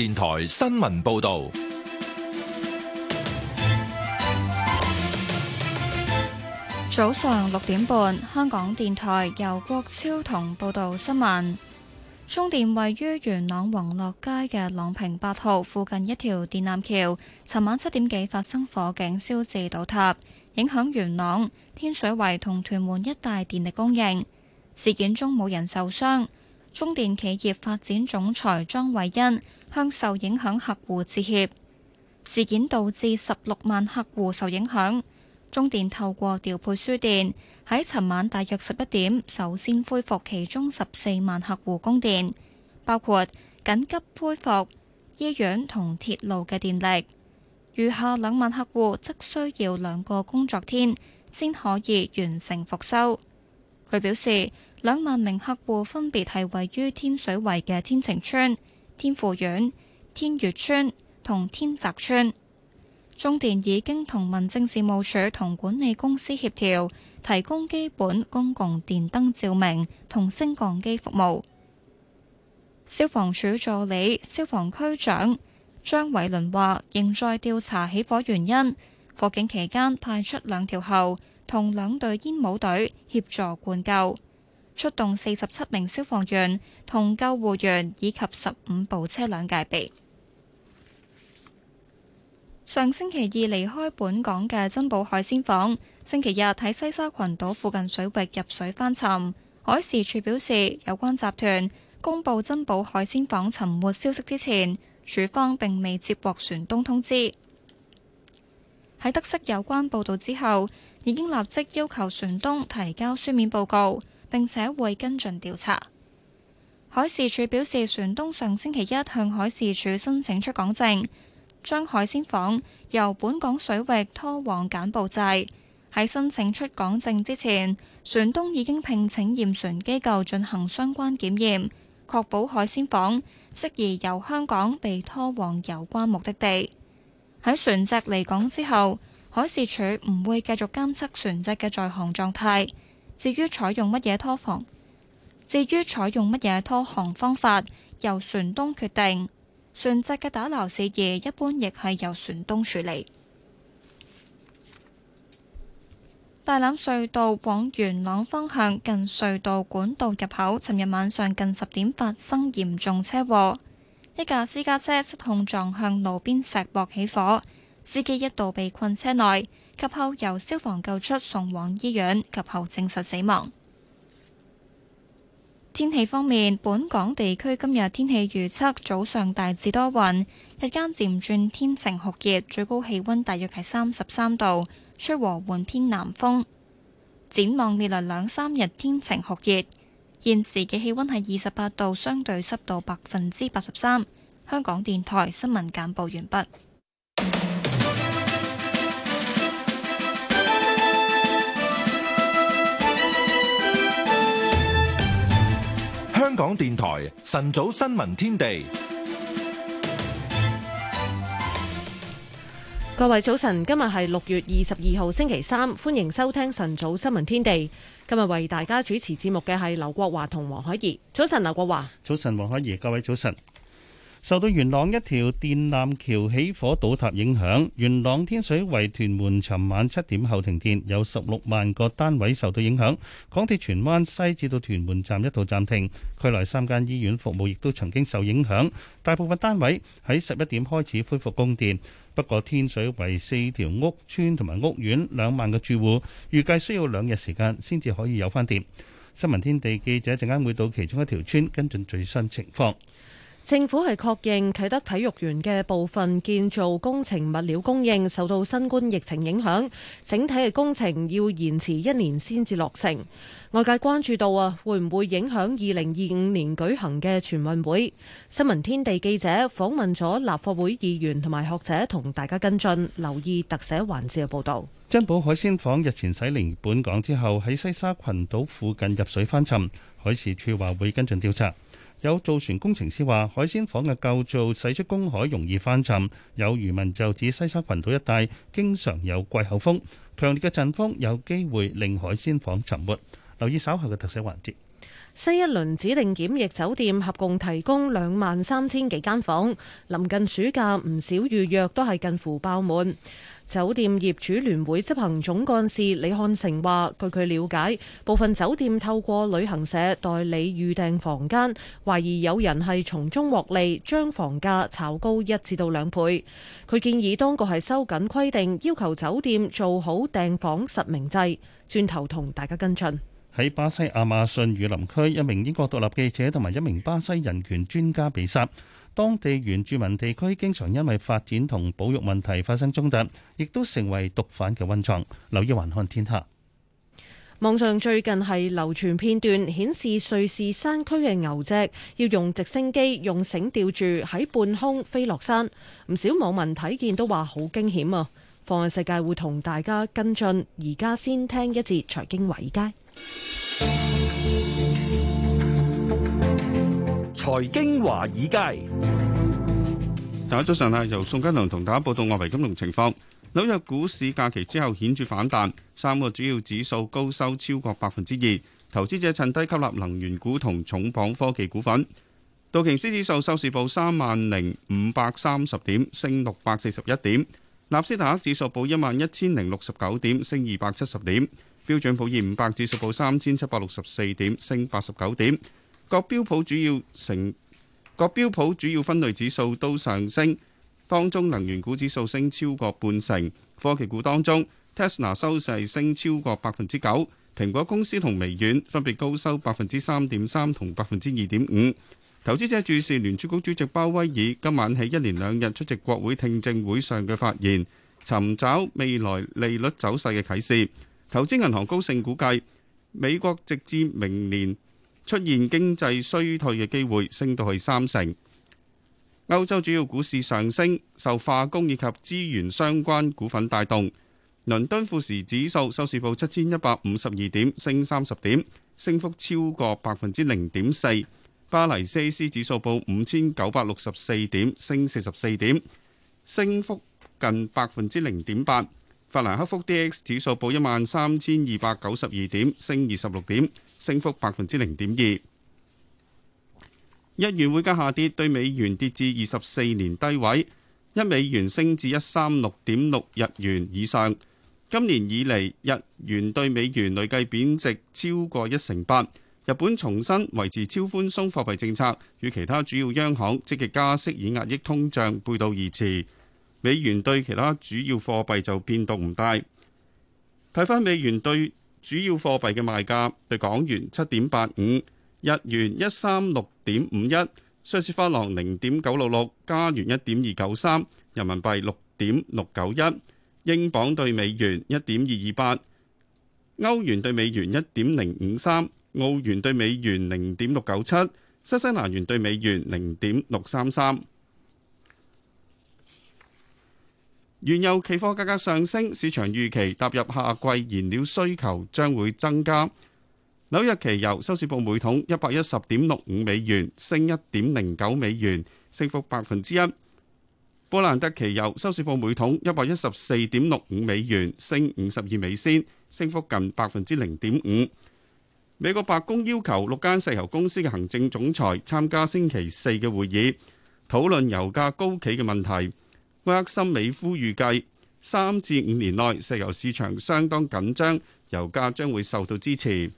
電台新聞報道，早上六點半，香港電台由國超同報道新聞。中電位於元朗宏樂街嘅朗平八號附近一條電纜橋，尋晚七點幾發生火警，燒至倒塌，影響元朗、天水圍同屯門一帶電力供應。事件中冇人受傷。中電企業發展總裁莊偉欣。向受影響客戶致歉。事件導致十六萬客戶受影響。中電透過調配輸電，喺尋晚大約十一點首先恢復其中十四萬客戶供電，包括緊急恢復醫院同鐵路嘅電力。餘下兩萬客戶則需要兩個工作天先可以完成復修。佢表示，兩萬名客戶分別係位於天水圍嘅天晴村。天富苑、天悅邨同天澤邨，中電已經同民政事務處同管理公司協調，提供基本公共電燈照明同升降機服務。消防處助理消防區長張偉倫話，仍在調查起火原因。火警期間派出兩條喉同兩隊煙帽隊協助灌救。出動四十七名消防員同救護員，以及十五部車輛戒備。上星期二離開本港嘅珍寶海鮮舫，星期日喺西沙群島附近水域入水翻沉。海事處表示，有關集團公布珍寶海鮮舫沉沒消息之前，處方並未接獲船東通知。喺得悉有關報道之後，已經立即要求船東提交書面報告。並且會跟進調查。海事處表示，船東上星期一向海事處申請出港證，將海鮮舫由本港水域拖往柬埔寨。喺申請出港證之前，船東已經聘請驗船機構進行相關檢驗，確保海鮮舫適宜由香港被拖往有關目的地。喺船隻離港之後，海事處唔會繼續監測船隻嘅在航狀態。至於採用乜嘢拖航？至於採用乜嘢拖航方法，由船東決定。船隻嘅打撈事宜，一般亦係由船東處理。 大欖隧道往元朗方向近隧道管道入口，尋日晚上近十點發生嚴重車禍，一架私家車失控撞向路邊石壆起火，司機一度被困車內。及後由消防救出送往醫院，及後證實死亡。天氣方面，本港地區今日天氣預測，早上大致多雲，日間漸轉天晴酷熱，最高氣溫大約係三十三度，吹和緩偏南風。展望未來兩三日天晴酷熱。現時嘅氣溫係二十八度，相對濕度百分之八十三。香港電台新聞簡報完畢。香港電台晨早新聞天地，各位早晨，今日係六月二十二號星期三，歡迎收聽晨早新聞天地。今日為大家主持節目嘅係劉國華同黃海怡。早晨，劉國華。早晨，黃海怡。各位早晨。受到元朗一條電纜橋起火倒塌影響，元朗、天水圍、屯門尋晚七點後停電有政府係確認啟德體育園嘅部分建造工程物料供應受到新冠疫情影響，整體嘅工程要延遲一年先至落成。外界關注到啊，會唔會影響二零二五年舉行嘅全運會？新聞天地記者訪問咗立法會議員同埋學者，同大家跟進留意特寫環節嘅報導。珍寶海鮮舫日前駛離本港之後，喺西沙群島附近入水翻沉，海事處話會跟進調查。有造船工程師話：海鮮房嘅構造使出公海容易翻沉。有漁民就指西沙群島一帶經常有季候風，強烈嘅陣風有機會令海鮮房沉沒。留意稍後嘅特色環節。西一輪指定檢疫酒店合共提供兩萬三千幾間房，臨近暑假唔少預約都係近乎爆滿。酒店業主聯會執行總幹事李漢成話，據佢了解，部分酒店透過旅行社代理預訂房間，懷疑有人係從中獲利，將房價炒高一至到兩倍。佢建議當局係收緊規定，要求酒店做好訂房實名制。轉頭同大家跟進。喺巴西亞馬遜雨林區，一名英國獨立記者同埋一名巴西人權專家被殺。當地原住民地區經常因為發展同保育問題發生衝突，亦都成為毒販嘅温床。留意環看天下。網上最近係流傳片段，顯示瑞士山區嘅牛隻要用直升機用繩吊住喺半空飛落山。唔少網民睇見都話好驚險啊！放眼世界，會同大家跟進。而家先聽一節財經偉街。財經華爾街，大家早上好，由宋金良同大家報道外圍金融情況。紐約股市假期之後顯著反彈，三個主要指數高收超過百分之二。投資者趁低吸納能源股同重磅科技股份。道瓊斯指數收市報三萬零五百三十點，升六百四十一點；納斯達克指數報一萬一千零六十九點，升二百七十點。標準普爾五百指數報三千七百六十四點，升八十九點。國標普主要成國標普主要分類指數都上升，當中能源股指數升超過半成。科技股當中 Tesla 收勢升超過百分之九，蘋果公司同微軟分別高收百分之三點三同百分之二點五。投資者注視聯儲局主席鮑威爾今晚喺一連兩日出席國會聽證會上嘅發言，尋找未來利率走勢嘅啟示。投資銀行高盛估計，美國直至明年出現經濟衰退嘅機會升到去三成。歐洲主要股市上升，受化工以及資源相關股份帶動。倫敦富時指數收市報七千一百五十二點，升三十點，升幅超過百分之零點四。巴黎 CAC 指數報五千九百六十四點，升四十四點，升幅近百分之零點八。法蘭克福 DAX 指數報一萬三千二百九十二點，升二十六點，升幅百分之零點二。日元匯價下跌，對美元跌至二十四年低位，一美元升至一三六點六日元以上。今年以嚟，日元對美元累計貶值超過一成八。日本重申維持超寬鬆貨幣政策，與其他主要央行積極加息以壓抑通脹，背道而馳。美元對其他主要貨幣就變動唔大。睇翻美元對主要貨幣嘅賣價，對港元七點八五，日元一三六點五一，瑞士法郎零點九六六，加元一點二九三，人民幣六點六九一，英鎊對美元一點二二八，歐元對美元一點零五三，澳元對美元零點六九七，新西蘭元對美元零點六三三。原油期貨價格上升，市場預期踏入夏季燃料需求將會增加。紐約期油收市報每桶一百一十點六五美元，升一點零九美元，升幅百分之一。布蘭特期油收市報每桶一百一十四點六五美元，升五十二美仙，升幅近百分之零點五。美國白宮要求六間石油公司嘅行政總裁參加星期四嘅會議，討論油價高企嘅問題。埃克森美孚預計三至五年內石油市場相當緊張，油價將會受到支持。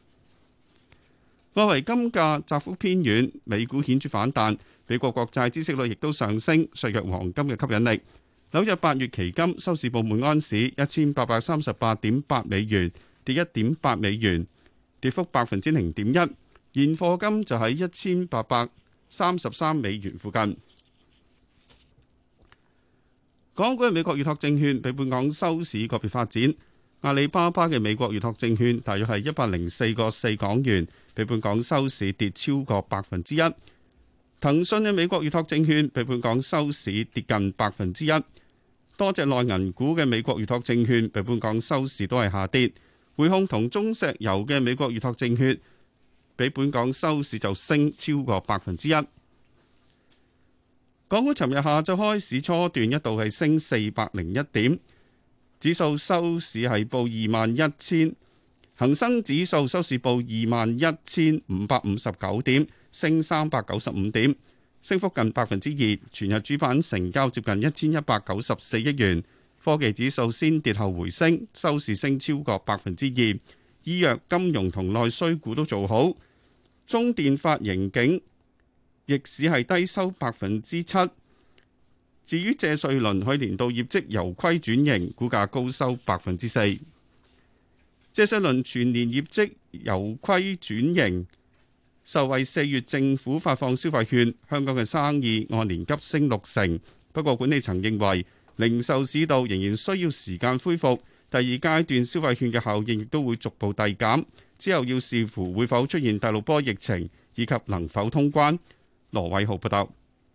外圍金價窄幅偏軟，美股顯著反彈，美國國債孳息率亦都上升，削弱黃金嘅吸引力。紐約八月期金收市報每安士一千八百三十八點八美元，跌一點八美元，跌幅百分之零點一。現貨金就喺一千八百三十三美元附近。港股嘅美國預託證券比本港收市個別發展，阿里巴巴嘅美國預託證券大約係一百零四個四港元，比本港收市跌超過百分之一。騰訊嘅美國預託證券比本港收市跌近百分之一。多隻內銀股嘅美國預託證券比本港收市都係下跌。匯控同中石油嘅美國預託證券比本港收市就升超過百分之一。港股尋日下晝開市初段一度係升四百零一點，指數收市係報二萬一千，恒生指數收市報二萬一千五百五十九點，升三百九十五點，升幅近百分之二。全日主板成交接近一千一百九十四億元，科技指數先跌後回升，收市升超過百分之二，醫藥、金融同內需股都做好，中電發盈警。逆市係低收百分之七。至於謝瑞麟去年度業績由虧轉盈，股價高收百分之四。謝瑞麟全年業績由虧轉盈，受惠四月政府發放消費券，香港嘅生意按年急升六成。不過，管理層認為零售市道仍然需要時間恢復，第二階段消費券嘅效應亦都會逐步遞減。之後要視乎會否出現第六波疫情，以及能否通關。羅偉豪報道：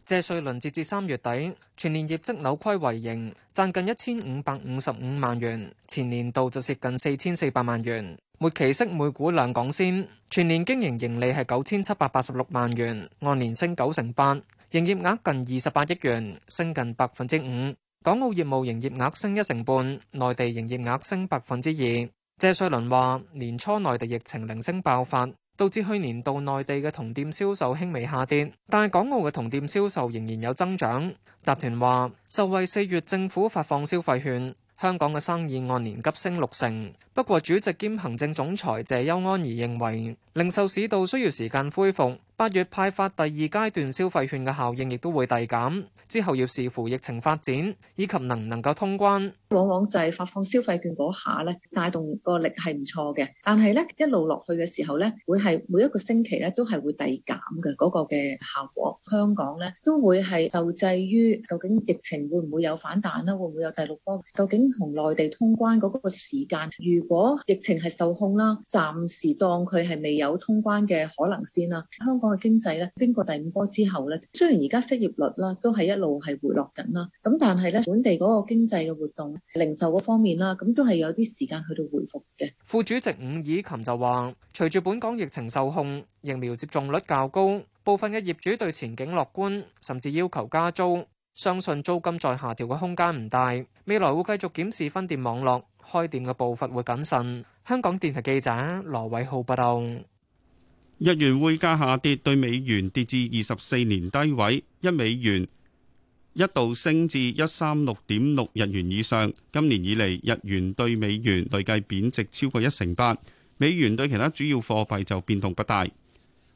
謝瑞麟截至三月底，全年業績扭虧為盈，賺近一千五百五十五萬元，前年度就蝕近四千四百萬元。末期息每股兩港仙，全年經營盈利係九千七百八十六萬元，按年升九成八。營業額近二十八億元，升近百分之五。港澳業務營業額升一成半，內地營業額升百分之二。謝瑞麟話：年初內地疫情零星爆發。導致去年度內地嘅同店銷售輕微下跌，但係港澳嘅同店銷售仍然有增長。集團話受惠四月政府發放消費券，香港嘅生意按年急升六成。不過主席兼行政總裁謝邱安儀認為。零售市道需要時間恢復，八月派發第二階段消費券嘅效應亦都會遞減，之後要視乎疫情發展以及能唔能夠通關，往往就係發放消費券嗰下咧，帶動個力係唔錯嘅，但係咧一路落去嘅時候咧，會係每一個星期咧都係會遞減嘅嗰個嘅效果。香港咧都會係受制於究竟疫情會唔會有反彈啦，會唔會有第六波？究竟同內地通關嗰個時間，如果疫情係受控啦，暫時當佢係未有。有通關嘅可能先啦。香港嘅經濟咧，經過第五波之後咧，雖然而家失業率啦，都係一路係回落緊啦。咁但係咧，本地嗰個經濟嘅活動、零售嗰方面啦，咁都係有啲時間去到回復嘅。副主席伍以琴就話，隨住本港疫情受控，疫苗接種率較高，部分嘅業主對前景樂觀，甚至要求加租。相信租金再下調嘅空間唔大。未來會繼續檢視分店網絡，開店嘅步伐會謹慎。香港電台記者羅偉浩報道。日元匯價下跌，對美元跌至二十四年低位，一美元一度升至一三六點六日元以上。今年以嚟，日元對美元累計貶值超過一成八。美元對其他主要貨幣就變動不大。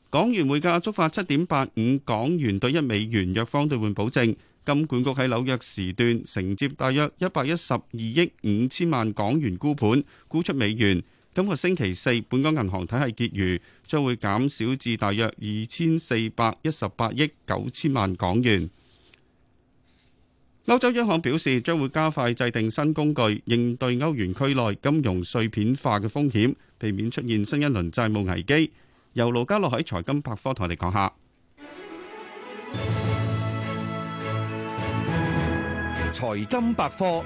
港元匯價觸發七點八五港元兌一美元，弱方兌換保證。金管局喺紐約時段承接大約一百一十二億五千萬港元沽盤，沽出美元。今個星期四，本港銀行體系結餘將會減少至大約二千四百一十八億九千萬港元。歐洲央行表示，將會加快制定新工具，應對歐元區內金融碎片化嘅風險，避免出現新一輪債務危機。由盧家樂喺財金百科台嚟講下財金百科。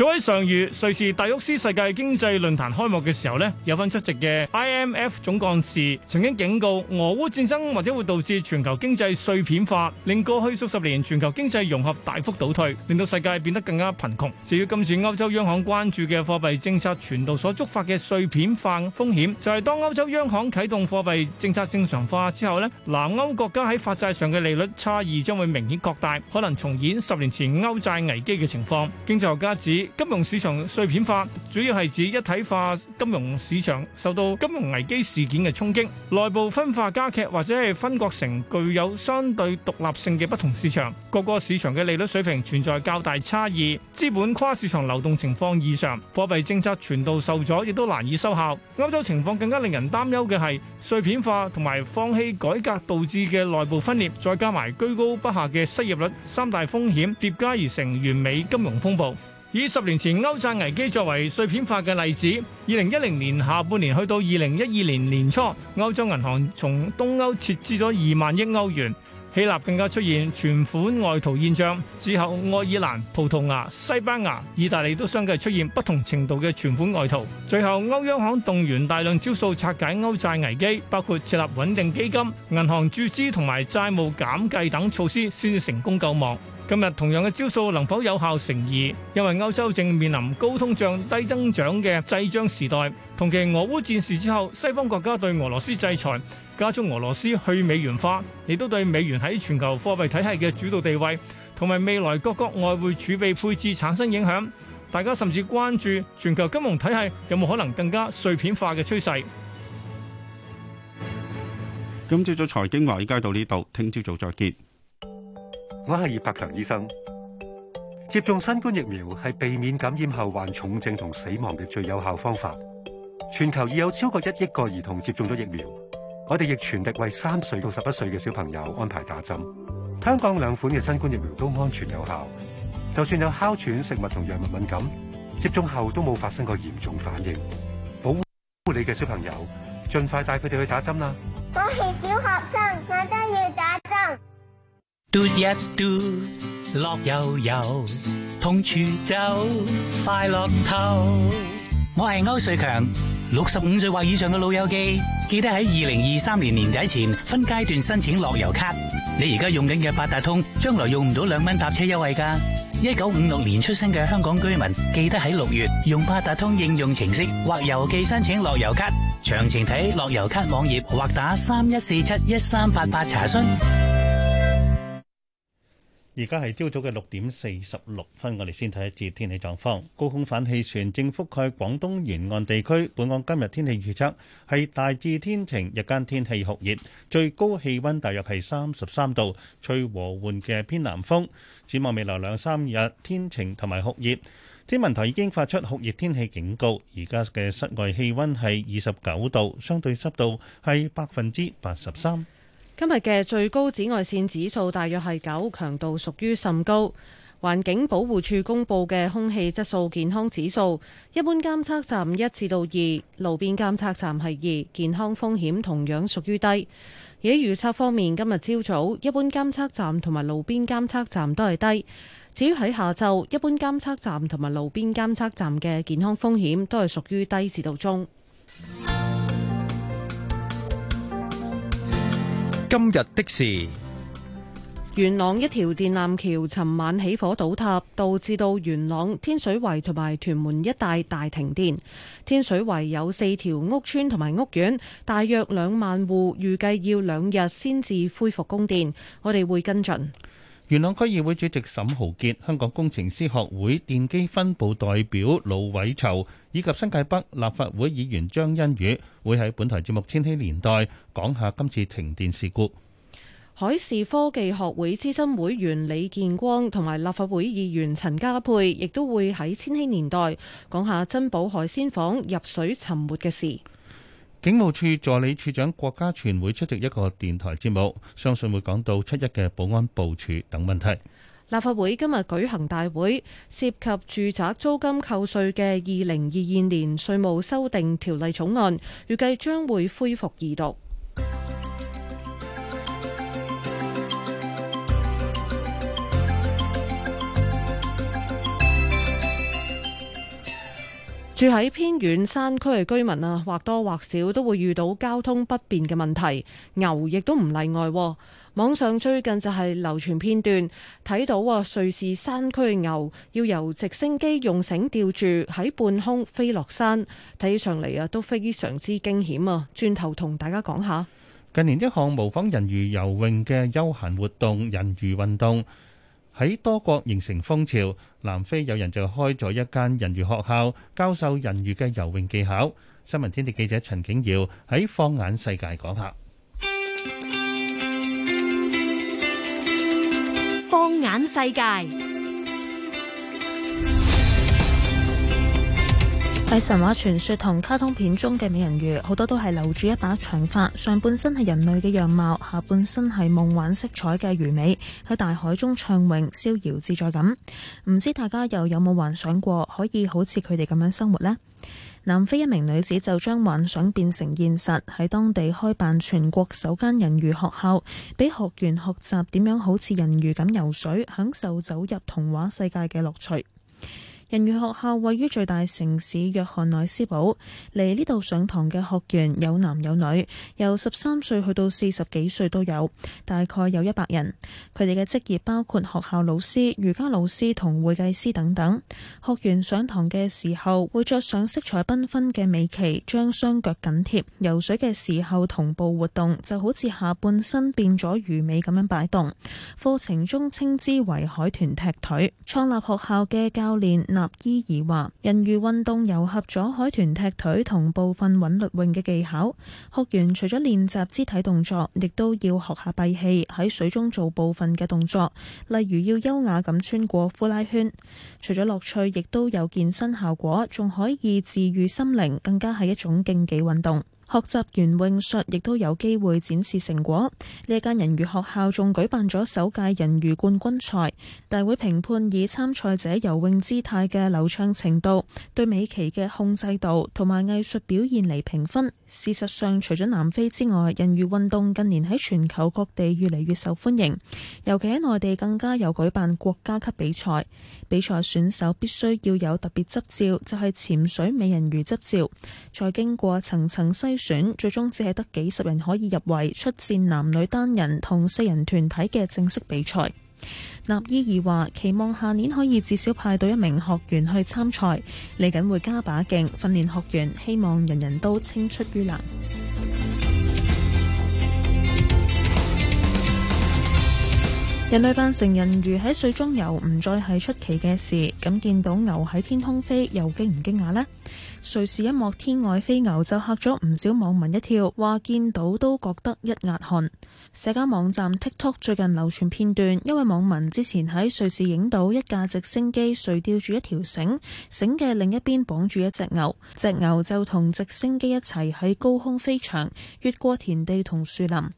早喺上月，瑞士大沃斯世界經濟論壇開幕嘅時候呢，有份出席嘅 IMF 總幹事曾經警告，俄烏戰爭或者會導致全球經濟碎片化，令過去數十年全球經濟融合大幅倒退，令到世界變得更加貧窮。至於今次歐洲央行關注嘅貨幣政策傳導所觸發嘅碎片化風險，就係當歐洲央行啟動貨幣政策正常化之後，呢，南歐國家喺發債上嘅利率差異將會明顯擴大，可能重演十年前歐債危機嘅情況，經濟學家指。金融市場碎片化主要係指一體化金融市場受到金融危機事件的衝擊。內部分化加劇或者係分割成具有相對獨立性的不同市場。各個市場的利率水平存在較大差異。資本跨市場流動情況異常，貨幣政策傳導受阻亦都難以收效。歐洲情況更加令人擔憂的係碎片化同埋放棄改革導致的內部分裂，再加埋居高不下的失業率，三大風險，疊加而成完美金融風暴。以十年前歐債危機作為碎片化嘅例子，二零一零年下半年去到二零一二年年初，歐洲銀行從東歐撤資咗二萬億歐元，希臘更加出現存款外逃現象。之後愛爾蘭、葡萄牙、西班牙、意大利都相繼出現不同程度嘅存款外逃。最後歐央行動員大量招數拆解歐債危機，包括設立穩定基金、銀行注資同埋債務減計等措施，先至成功救亡。今日同樣嘅招數能否有效成疑。因為歐洲正面臨高通脹、低增長嘅滯脹時代，同期俄烏戰事之後，西方國家對俄羅斯制裁，加速俄羅斯去美元化，亦都對美元喺全球貨幣體系嘅主導地位，同埋未來各國外匯儲備配置產生影響。大家甚至關注全球金融體系有冇可能更加碎片化嘅趨勢。今朝早財經華爾街到呢度，聽朝早再見。我係葉柏強醫生，接種新冠疫苗係避免感染後患重症同死亡嘅最有效方法。全球已有超過一億個兒童接種咗疫苗，我哋亦全力為三歲到十一歲嘅小朋友安排打針。香港兩款嘅新冠疫苗都安全有效，就算有哮喘、食物同藥物敏感，接種後都冇發生過嚴重反應。保護你嘅小朋友，盡快帶佢哋去打針啦！我係小學生，我都要打。嘟一嘟，樂悠悠，通處走，快樂透。我係歐瑞強，六十五歲或以上嘅老友記，記得喺二零二三年年底前分階段申請樂悠咭。你而家用緊嘅八達通，將來用唔到兩蚊搭車優惠㗎。一九五六年出生嘅香港居民，記得喺六月用八達通應用程式或郵寄申請樂悠咭。詳情睇樂悠咭網頁或打三一四七一三八八查詢。而家係朝早嘅六點四十六分，我哋先睇一節天氣狀況。高空反氣旋正覆蓋廣東沿岸地區。本港今日天，天氣預測係大致天晴，日間天氣酷熱，最高氣溫大約係三十三度，吹和緩嘅偏南風。展望未來兩三日，天晴同埋酷熱。天文台已經發出酷熱天氣警告。而家嘅室外氣溫係二十九度，相對濕度係百分之八十三。今日嘅最高紫外線指數大約係九，強度屬於甚高。環境保護署公布嘅空氣質素健康指數一般監測站一至到二，路邊監測站係二，健康風險同樣屬於低。而喺預測方面，今日朝早一般監測站同埋路邊監測站都係低。至於喺下晝一般監測站同埋路邊監測站嘅健康風險都係屬於低至到中。今日的事，元朗一條電纜橋尋晚起火倒塌，導致到元朗天水圍同埋屯門一帶大停電。天水圍有四條屋邨同埋屋苑，大約兩萬戶，預計要兩日先至恢復供電。我哋會跟進。元朗區議會主席沈豪傑、香港工程師學會電機分部代表盧偉籌以及新界北立法會議員張欣宇會喺本台節目《千禧年代》講下今次停電事故。海事科技學會資深會員李建光同埋立法會議員陳家珮亦都會喺《千禧年代》講下珍寶海鮮舫入水沉沒嘅事。警務處助理處長郭家全會出席一個電台節目，相信會講到七一嘅保安部署等問題。立法會今日舉行大會，涉及住宅租金扣稅嘅二零二二年稅務修訂條例草案，預計將會恢復二讀。住喺偏遠山區嘅居民啊，或多或少都會遇到交通不便嘅問題，牛亦都唔例外。網上最近就係流傳片段，睇到啊瑞士山區嘅牛要由直升機用繩吊住喺半空飛落山，睇起上嚟啊都非常之驚險啊！轉頭同大家講下，近年一項模仿人魚游泳嘅休閒活動——人魚運動。喺多國形成風潮，南非有人就開咗一間人魚學校，教授人魚嘅游泳技巧。新聞天地記者陳景瑤喺放眼世界講下。放眼世界。喺神話傳說同卡通片中嘅美人魚，好多都係留住一把長髮，上半身係人類嘅樣貌，下半身係夢幻色彩嘅魚尾，喺大海中暢泳，逍遙自在咁。唔知大家又有冇幻想過可以好似佢哋咁樣生活呢？南非一名女子就將幻想變成現實，喺當地開辦全國首間人魚學校，俾學員學習點樣好似人魚咁游水，享受走入童話世界嘅樂趣。人魚學校位於最大城市約翰內斯堡，嚟呢度上堂嘅學員有男有女，由十三歲去到四十幾歲都有，大概有一百人。佢哋嘅職業包括學校老師、瑜伽老師同會計師等等。學員上堂嘅時候會着上色彩繽紛嘅尾鰭，將雙腳緊貼，游水嘅時候同步活動，就好似下半身變咗魚尾咁樣擺動。課程中稱之為海豚踢腿。創立學校嘅教練立伊爾話，人魚運動糅合咗海豚踢腿同部分韻律泳嘅技巧，學員除咗練習肢體動作，亦都要學下閉氣喺水中做部分嘅動作，例如要優雅咁穿過呼拉圈。除咗樂趣，亦都有健身效果，仲可以治癒心靈，更加係一種競技運動。學習完泳術亦都有機會展示成果。呢間人魚學校仲舉辦咗首屆人魚冠軍賽，大會評判以參賽者游泳姿態嘅流暢程度、對尾鰭嘅控制度同埋藝術表現嚟評分。事實上，除咗南非之外，人魚運動近年喺全球各地越嚟越受歡迎，尤其喺內地更加有舉辦國家級比賽。比賽選手必須要有特別執照，就係、是、潛水美人魚執照，再經過層層篩選最終只係得幾十人可以入圍，出戰男女單人同四人團體嘅正式比賽。納伊爾話：期望下年可以至少派到一名學員去參賽，嚟緊會加把勁訓練學員，希望人人都青出於藍。人類扮成人魚喺水中游唔再係出奇嘅事，咁見到牛喺天空飛又驚唔驚訝呢？瑞士一幕天外飛牛就嚇咗唔少網民一跳，話見到都覺得一額汗。社交網站 TikTok 最近流傳片段，一位網民之前喺瑞士影到一架直升機垂吊住一條繩，繩嘅另一邊綁住一隻牛，隻牛就同直升機一齊喺高空飛翔，越過田地同樹林。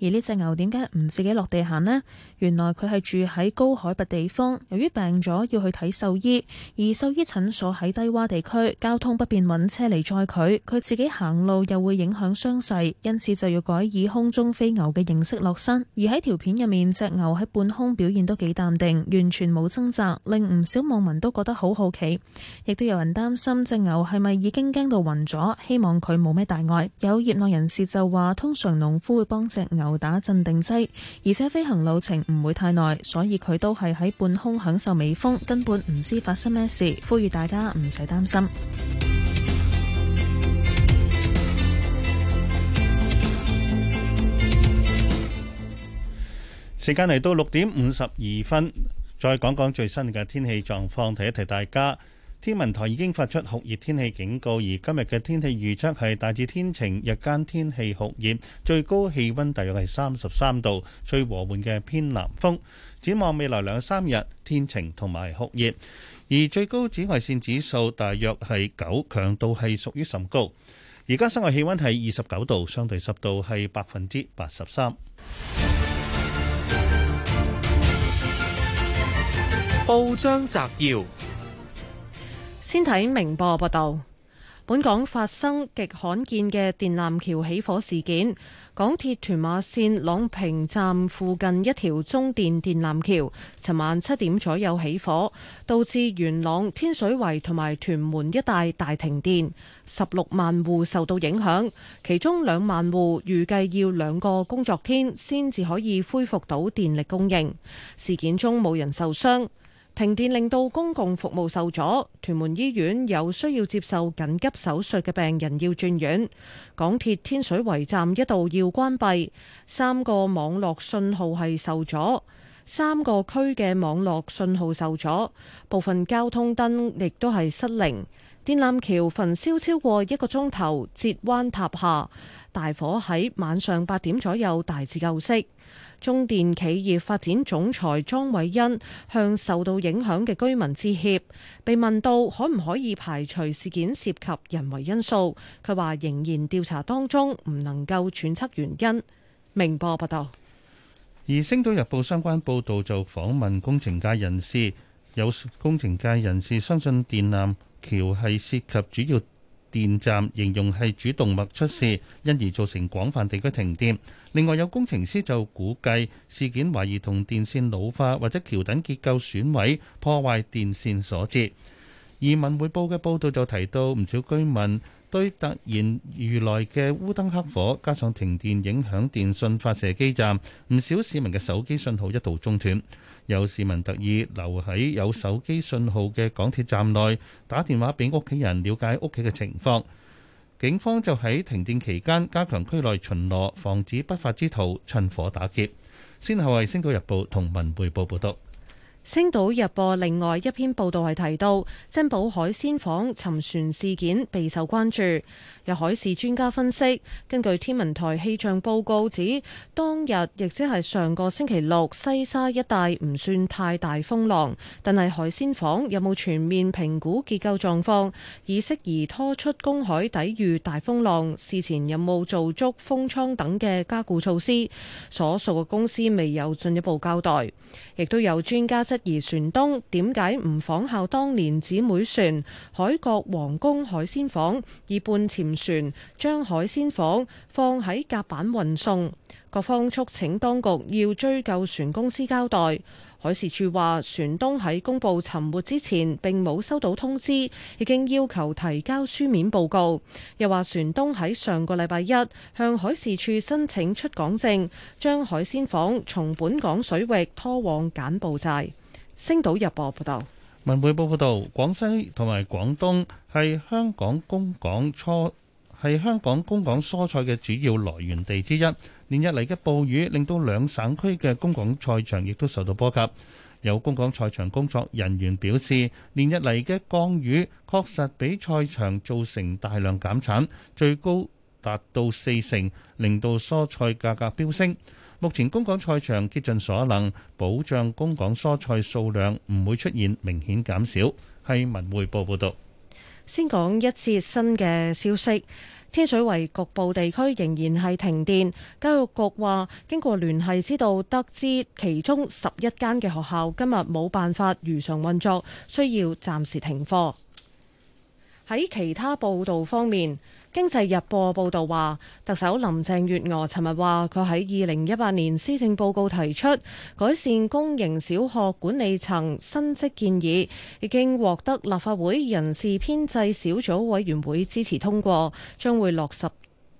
而呢隻牛點解唔自己落地行呢？原來佢係住喺高海拔地方，由於病咗要去睇獸醫，而獸醫診所喺低洼地區，交通不便，搵車嚟載佢，佢自己行路又會影響傷勢，因此就要改以空中飛牛嘅形式落山。而喺條片入面，隻牛喺半空表現都幾淡定，完全冇掙扎，令唔少網民都覺得好好奇，亦都有人擔心隻牛係咪已經驚到暈咗？希望佢冇咩大礙。有業內人士就話，通常農夫會幫牛打鎮定劑，而且飛行路程唔會太耐，所以佢都係喺半空享受微風，根本唔知發生咩事。呼籲大家唔使擔心。時間嚟到六點五十二分，再講講最新嘅天氣狀況，提一提大家。天文台已經發出酷熱天氣警告，而今日嘅天氣預測係大致天晴，日間天氣酷熱，最高氣温大約係三十三度，最和緩嘅偏南風。展望未來兩三日天晴同埋酷熱，而最高紫外線指數大約係九，強度係屬於甚高。而家室外氣温係二十九度，相對濕度係百分之八十三。報章摘要。先睇明報報道。本港發生極罕見嘅電纜橋起火事件，港鐵屯馬線朗屏站附近一條中電電纜橋，尋晚七點左右起火，導致元朗天水圍同埋屯門一帶大停電，十六萬戶受到影響，其中兩萬戶預計要兩個工作天先至可以恢復到電力供應，事件中冇人受傷。停電令到公共服務受阻，屯門醫院有需要接受緊急手術嘅病人要轉院。港鐵天水圍站一度要關閉，三個網絡信號係受阻，三個區嘅網絡信號受阻，部分交通燈亦都係失靈。電纜橋焚燒超過一個鐘頭，折彎塌下大火喺晚上八點左右大致救熄。中電企業發展總裁莊偉恩向受到影響嘅居民致歉。被問到可唔可以排除事件涉及人為因素，佢話仍然調查當中，唔能夠揣測原因。明報報道。而《星島日報》相關報道就訪問工程界人士，有工程界人士相信電纜橋係涉及主要。電站形容係主動脈出事，因而造成廣泛地區停電。另外，有工程師就估計事件懷疑同電線老化或者橋等結構損毀破壞電線所致。而文匯報嘅報道就提到，唔少居民對突然如來嘅烏燈黑火，加上停電影響電信發射基站，唔少市民嘅手機信號一度中斷。有市民特意留喺有手機信號嘅港鐵站內打電話俾屋企人，了解屋企嘅情況，警方就喺停電期間加強區內巡邏，防止不法之徒趁火打劫。先後係《星島日報》同《文匯報》報道。星島日報另外一篇報道係提到，珍寶海鮮舫沉船事件備受關注。有海事專家分析，根據天文台氣象報告指，當日亦即係上個星期六，西沙一帶唔算太大風浪，但係海鮮舫有冇全面評估結構狀況，以適宜拖出公海抵禦大風浪？事前有冇做足風艙等嘅加固措施？所屬嘅公司未有進一步交代，亦都有專家。質疑船東點解唔仿效當年姊妹船海角皇宮海鮮舫，以半潛船將海鮮舫放喺甲板運送？各方促請當局要追究船公司交代。海事處話，船東喺公布沉沒之前，並冇收到通知，已經要求提交書面報告。又話，船東喺上個禮拜一向海事處申請出港證，將海鮮舫從本港水域拖往柬埔寨。星島日報報道，文匯報報道，廣西同埋廣東係香港供港初係香港供港蔬菜嘅主要來源地之一。連日嚟嘅暴雨令到兩省區嘅供港菜場亦都受到波及。有供港菜場工作人員表示，連日嚟嘅降雨確實比菜場造成大量減產，最高達到四成，令到蔬菜價格飆升。目前供港菜場竭盡所能保障供港蔬菜數量，唔會出現明顯減少。係文匯報報導。先講一次新嘅消息，天水圍局部地區仍然係停電。教育局話，經過聯繫知道，得知其中十一間嘅學校今日冇辦法如常運作，需要暫時停課。喺其他報導方面，經濟日報報道話，特首林鄭月娥尋日話，佢喺二零一八年施政報告提出改善公營小學管理層薪職建議，已經獲得立法會人事編制小組委員會支持通過，將會落實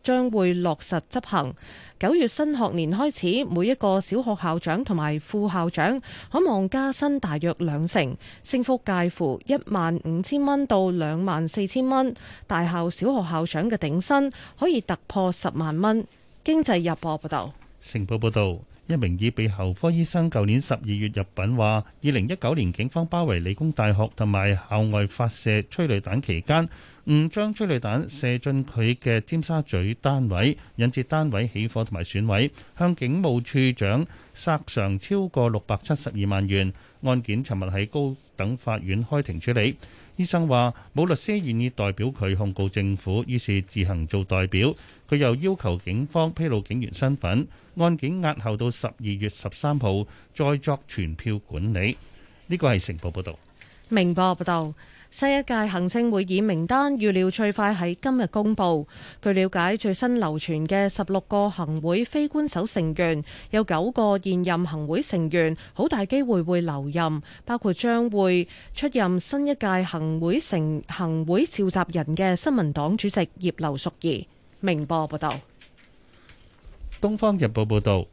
將會落實執行。九月新學年開始，每一個小學校長同埋副校長可望加薪大約兩成，升幅介乎一萬五千蚊到兩萬四千蚊。大校小學校長嘅頂薪可以突破十萬蚊。經濟日報報道。成報報道，一名耳鼻喉科醫生舊年十二月入稟話，二零一九年警方包圍理工大學同埋校外發射催淚彈期間。唔將催淚彈射進佢嘅尖沙咀單位，引致單位起火同埋損毀，向警務處長索償超過六百七十二萬元。案件尋日喺高等法院開庭處理。醫生話冇律師願意代表佢控告政府，於是自行做代表。佢又要求警方披露警員身份。案件押後到十二月十三號再作全票管理。呢個係成報報導，明報報導。新一屆行政會議名單預料最快喺今日公布。據了解，最新流傳嘅十六個行會非官守成員有九個現任行會成員，好大機會會留任，包括將會出任新一屆行會成行會召集人嘅新民黨主席葉劉淑儀。明報報道，《東方日報》報道。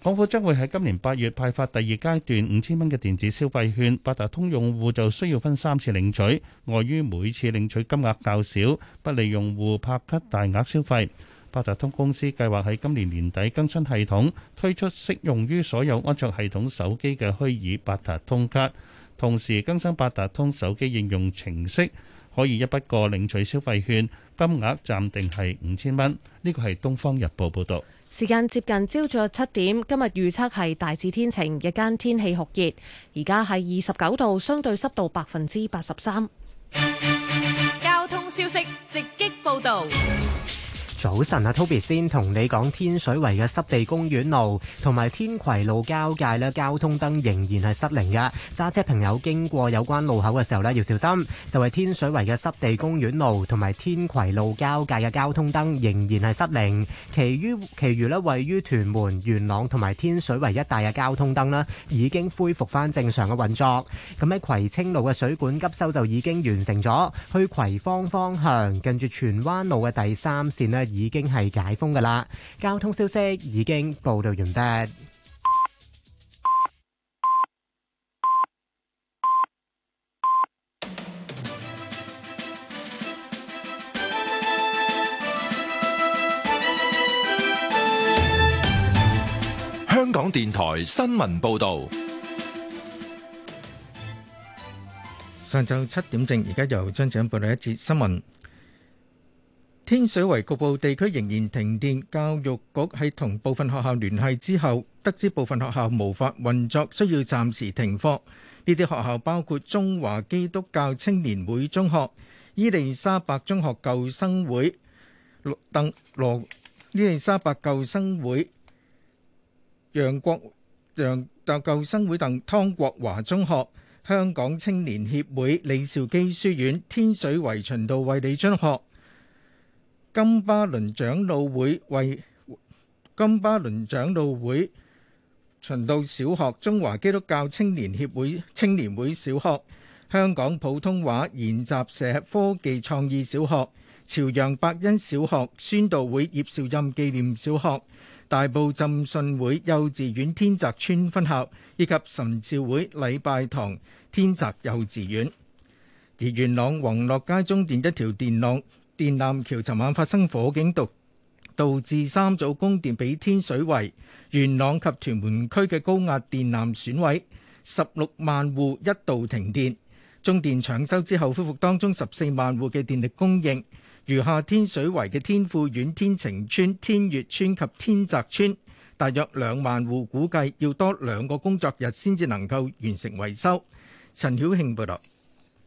港府將會喺今年八月派發第二階段五千蚊嘅電子消費券，八達通用戶就需要分三次領取，礙於每次領取金額較少，不利用戶拍卡大額消費。八達通公司計劃喺今年年底更新系統，推出適用於所有安卓系統手機嘅虛擬八達通卡，同時更新八達通手機應用程式，可以一筆過領取消費券，金額暫定係五千蚊。呢個係《東方日報》報導。時間接近朝早七點，今日預測係大致天晴，日間天氣酷熱，而家係二十九度，相對濕度百分之八十三。交通消息直擊報道。早晨啊，Toby 先同你講，天水圍嘅濕地公園路同埋天葵路交界咧，交通燈仍然係失靈嘅，揸車朋友經過有關路口嘅時候咧，要小心。就係天水圍嘅濕地公園路同埋天葵路交界嘅交通燈仍然係失靈，其餘其餘咧，位於屯門元朗同埋天水圍一帶嘅交通燈咧，已經恢復翻正常嘅運作。咁喺葵青路嘅水管急修就已經完成咗，去葵芳方向，近住荃灣路嘅第三線咧。已經係解封噶啦，交通消息已經報道完畢。香港電台新聞報道，上晝七點正，而家由張子欣報道一節新聞。天水圍局部地區仍然停電，教育局喺同部分學校聯繫之後，得知部分學校無法運作，需要暫時停課。呢啲學校包括中華基督教青年會中學、伊利沙伯中學舊生會、鄧羅伊利沙伯舊生會、楊國楊舊生會等、湯國華中學、香港青年協會李兆基書院、天水圍循道衞理中學。金巴倫長老會為金巴倫長老會循道小學、中華基督教青年協會青年會小學、香港普通話研習社科技創意小學、潮陽百欣小學、宣道會葉紹蔭紀念小學、大埔浸信會幼稚園天澤村分校，以及神召會禮拜堂天澤幼稚園。而元朗宏樂街中電一條電路。電纜橋尋晚發生火警毒，毒導致三組供電俾天水圍、元朗及屯門區嘅高壓電纜損毀，十六萬戶一度停電。中電搶修之後，恢復當中十四萬戶嘅電力供應。餘下天水圍嘅天富苑、天晴村、天悅村及天澤村，大約兩萬戶，估計要多兩個工作日先至能夠完成維修。陳曉慶報道。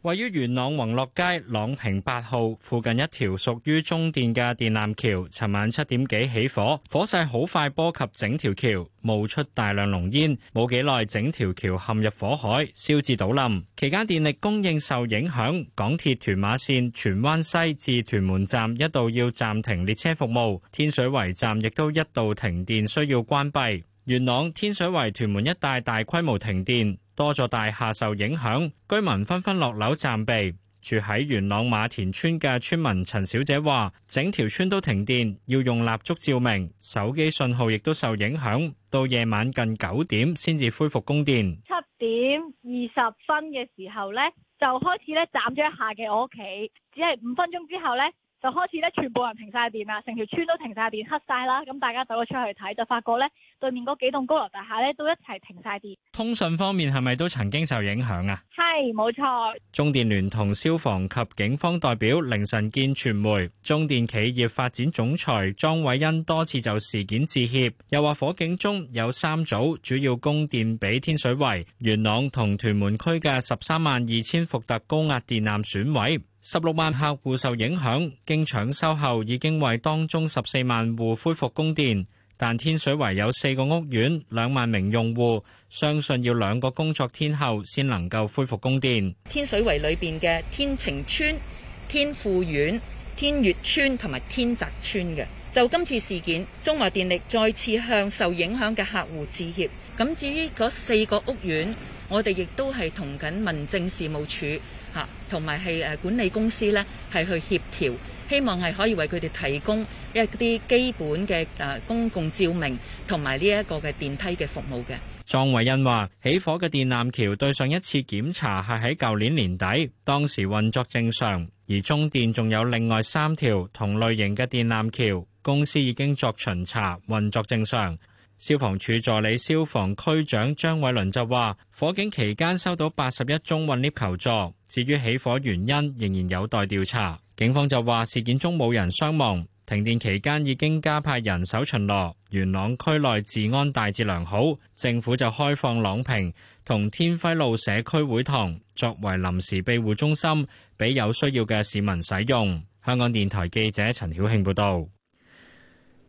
位於元朗宏樂街朗平八號附近一條屬於中電嘅電纜橋，尋晚七點幾起火，火勢好快波及整條橋，冒出大量濃煙，冇幾耐整條橋陷入火海，燒至倒冧。期間電力供應受影響，港鐵屯馬線荃灣西至屯門站一度要暫停列車服務，天水圍站亦都一度停電，需要關閉。元朗天水圍屯門一帶大規模停電，多座大廈受影響，居民紛紛落樓暫避。住喺元朗馬田村嘅村民陳小姐話，整條村都停電，要用蠟燭照明，手機信號亦都受影響。到夜晚近九點先至恢復供電。七點二十分嘅時候咧，就開始咧斬咗一下嘅我屋企，只係五分鐘之後咧。就開始咧，全部人停晒電啦，成條村都停晒電，黑晒啦。咁大家走咗出去睇，就發覺咧，對面嗰幾棟高樓大廈咧都一齊停晒電。通訊方面係咪都曾經受影響啊？係，冇錯。中電聯同消防及警方代表凌晨見傳媒，中電企業發展總裁莊偉恩多次就事件致歉，又話火警中有三組主要供電俾天水圍、元朗同屯門區嘅十三萬二千伏特高壓電纜損毀。十六萬客戶受影響，經搶修後已經為當中十四萬戶恢復供電，但天水圍有四個屋苑兩萬名用戶，相信要兩個工作天後先能夠恢復供電。天水圍裏邊嘅天晴村、天富苑、天悅村同埋天澤村嘅，就今次事件，中華電力再次向受影響嘅客戶致歉。咁至於嗰四個屋苑，我哋亦都係同緊民政事務處。嚇，同埋係誒管理公司呢，係去協調，希望係可以為佢哋提供一啲基本嘅誒公共照明同埋呢一個嘅電梯嘅服務嘅。莊偉恩話：起火嘅電纜橋對上一次檢查係喺舊年年底，當時運作正常，而中電仲有另外三條同類型嘅電纜橋，公司已經作巡查，運作正常。消防處助理消防區長張偉倫就話，火警期間收到八十一宗困 𨋢 求助，至於起火原因仍然有待調查。警方就話事件中冇人傷亡。停電期間已經加派人手巡邏，元朗區內治安大致良好。政府就開放朗屏同天輝路社區會堂作為臨時庇護中心，俾有需要嘅市民使用。香港電台記者陳曉慶報道。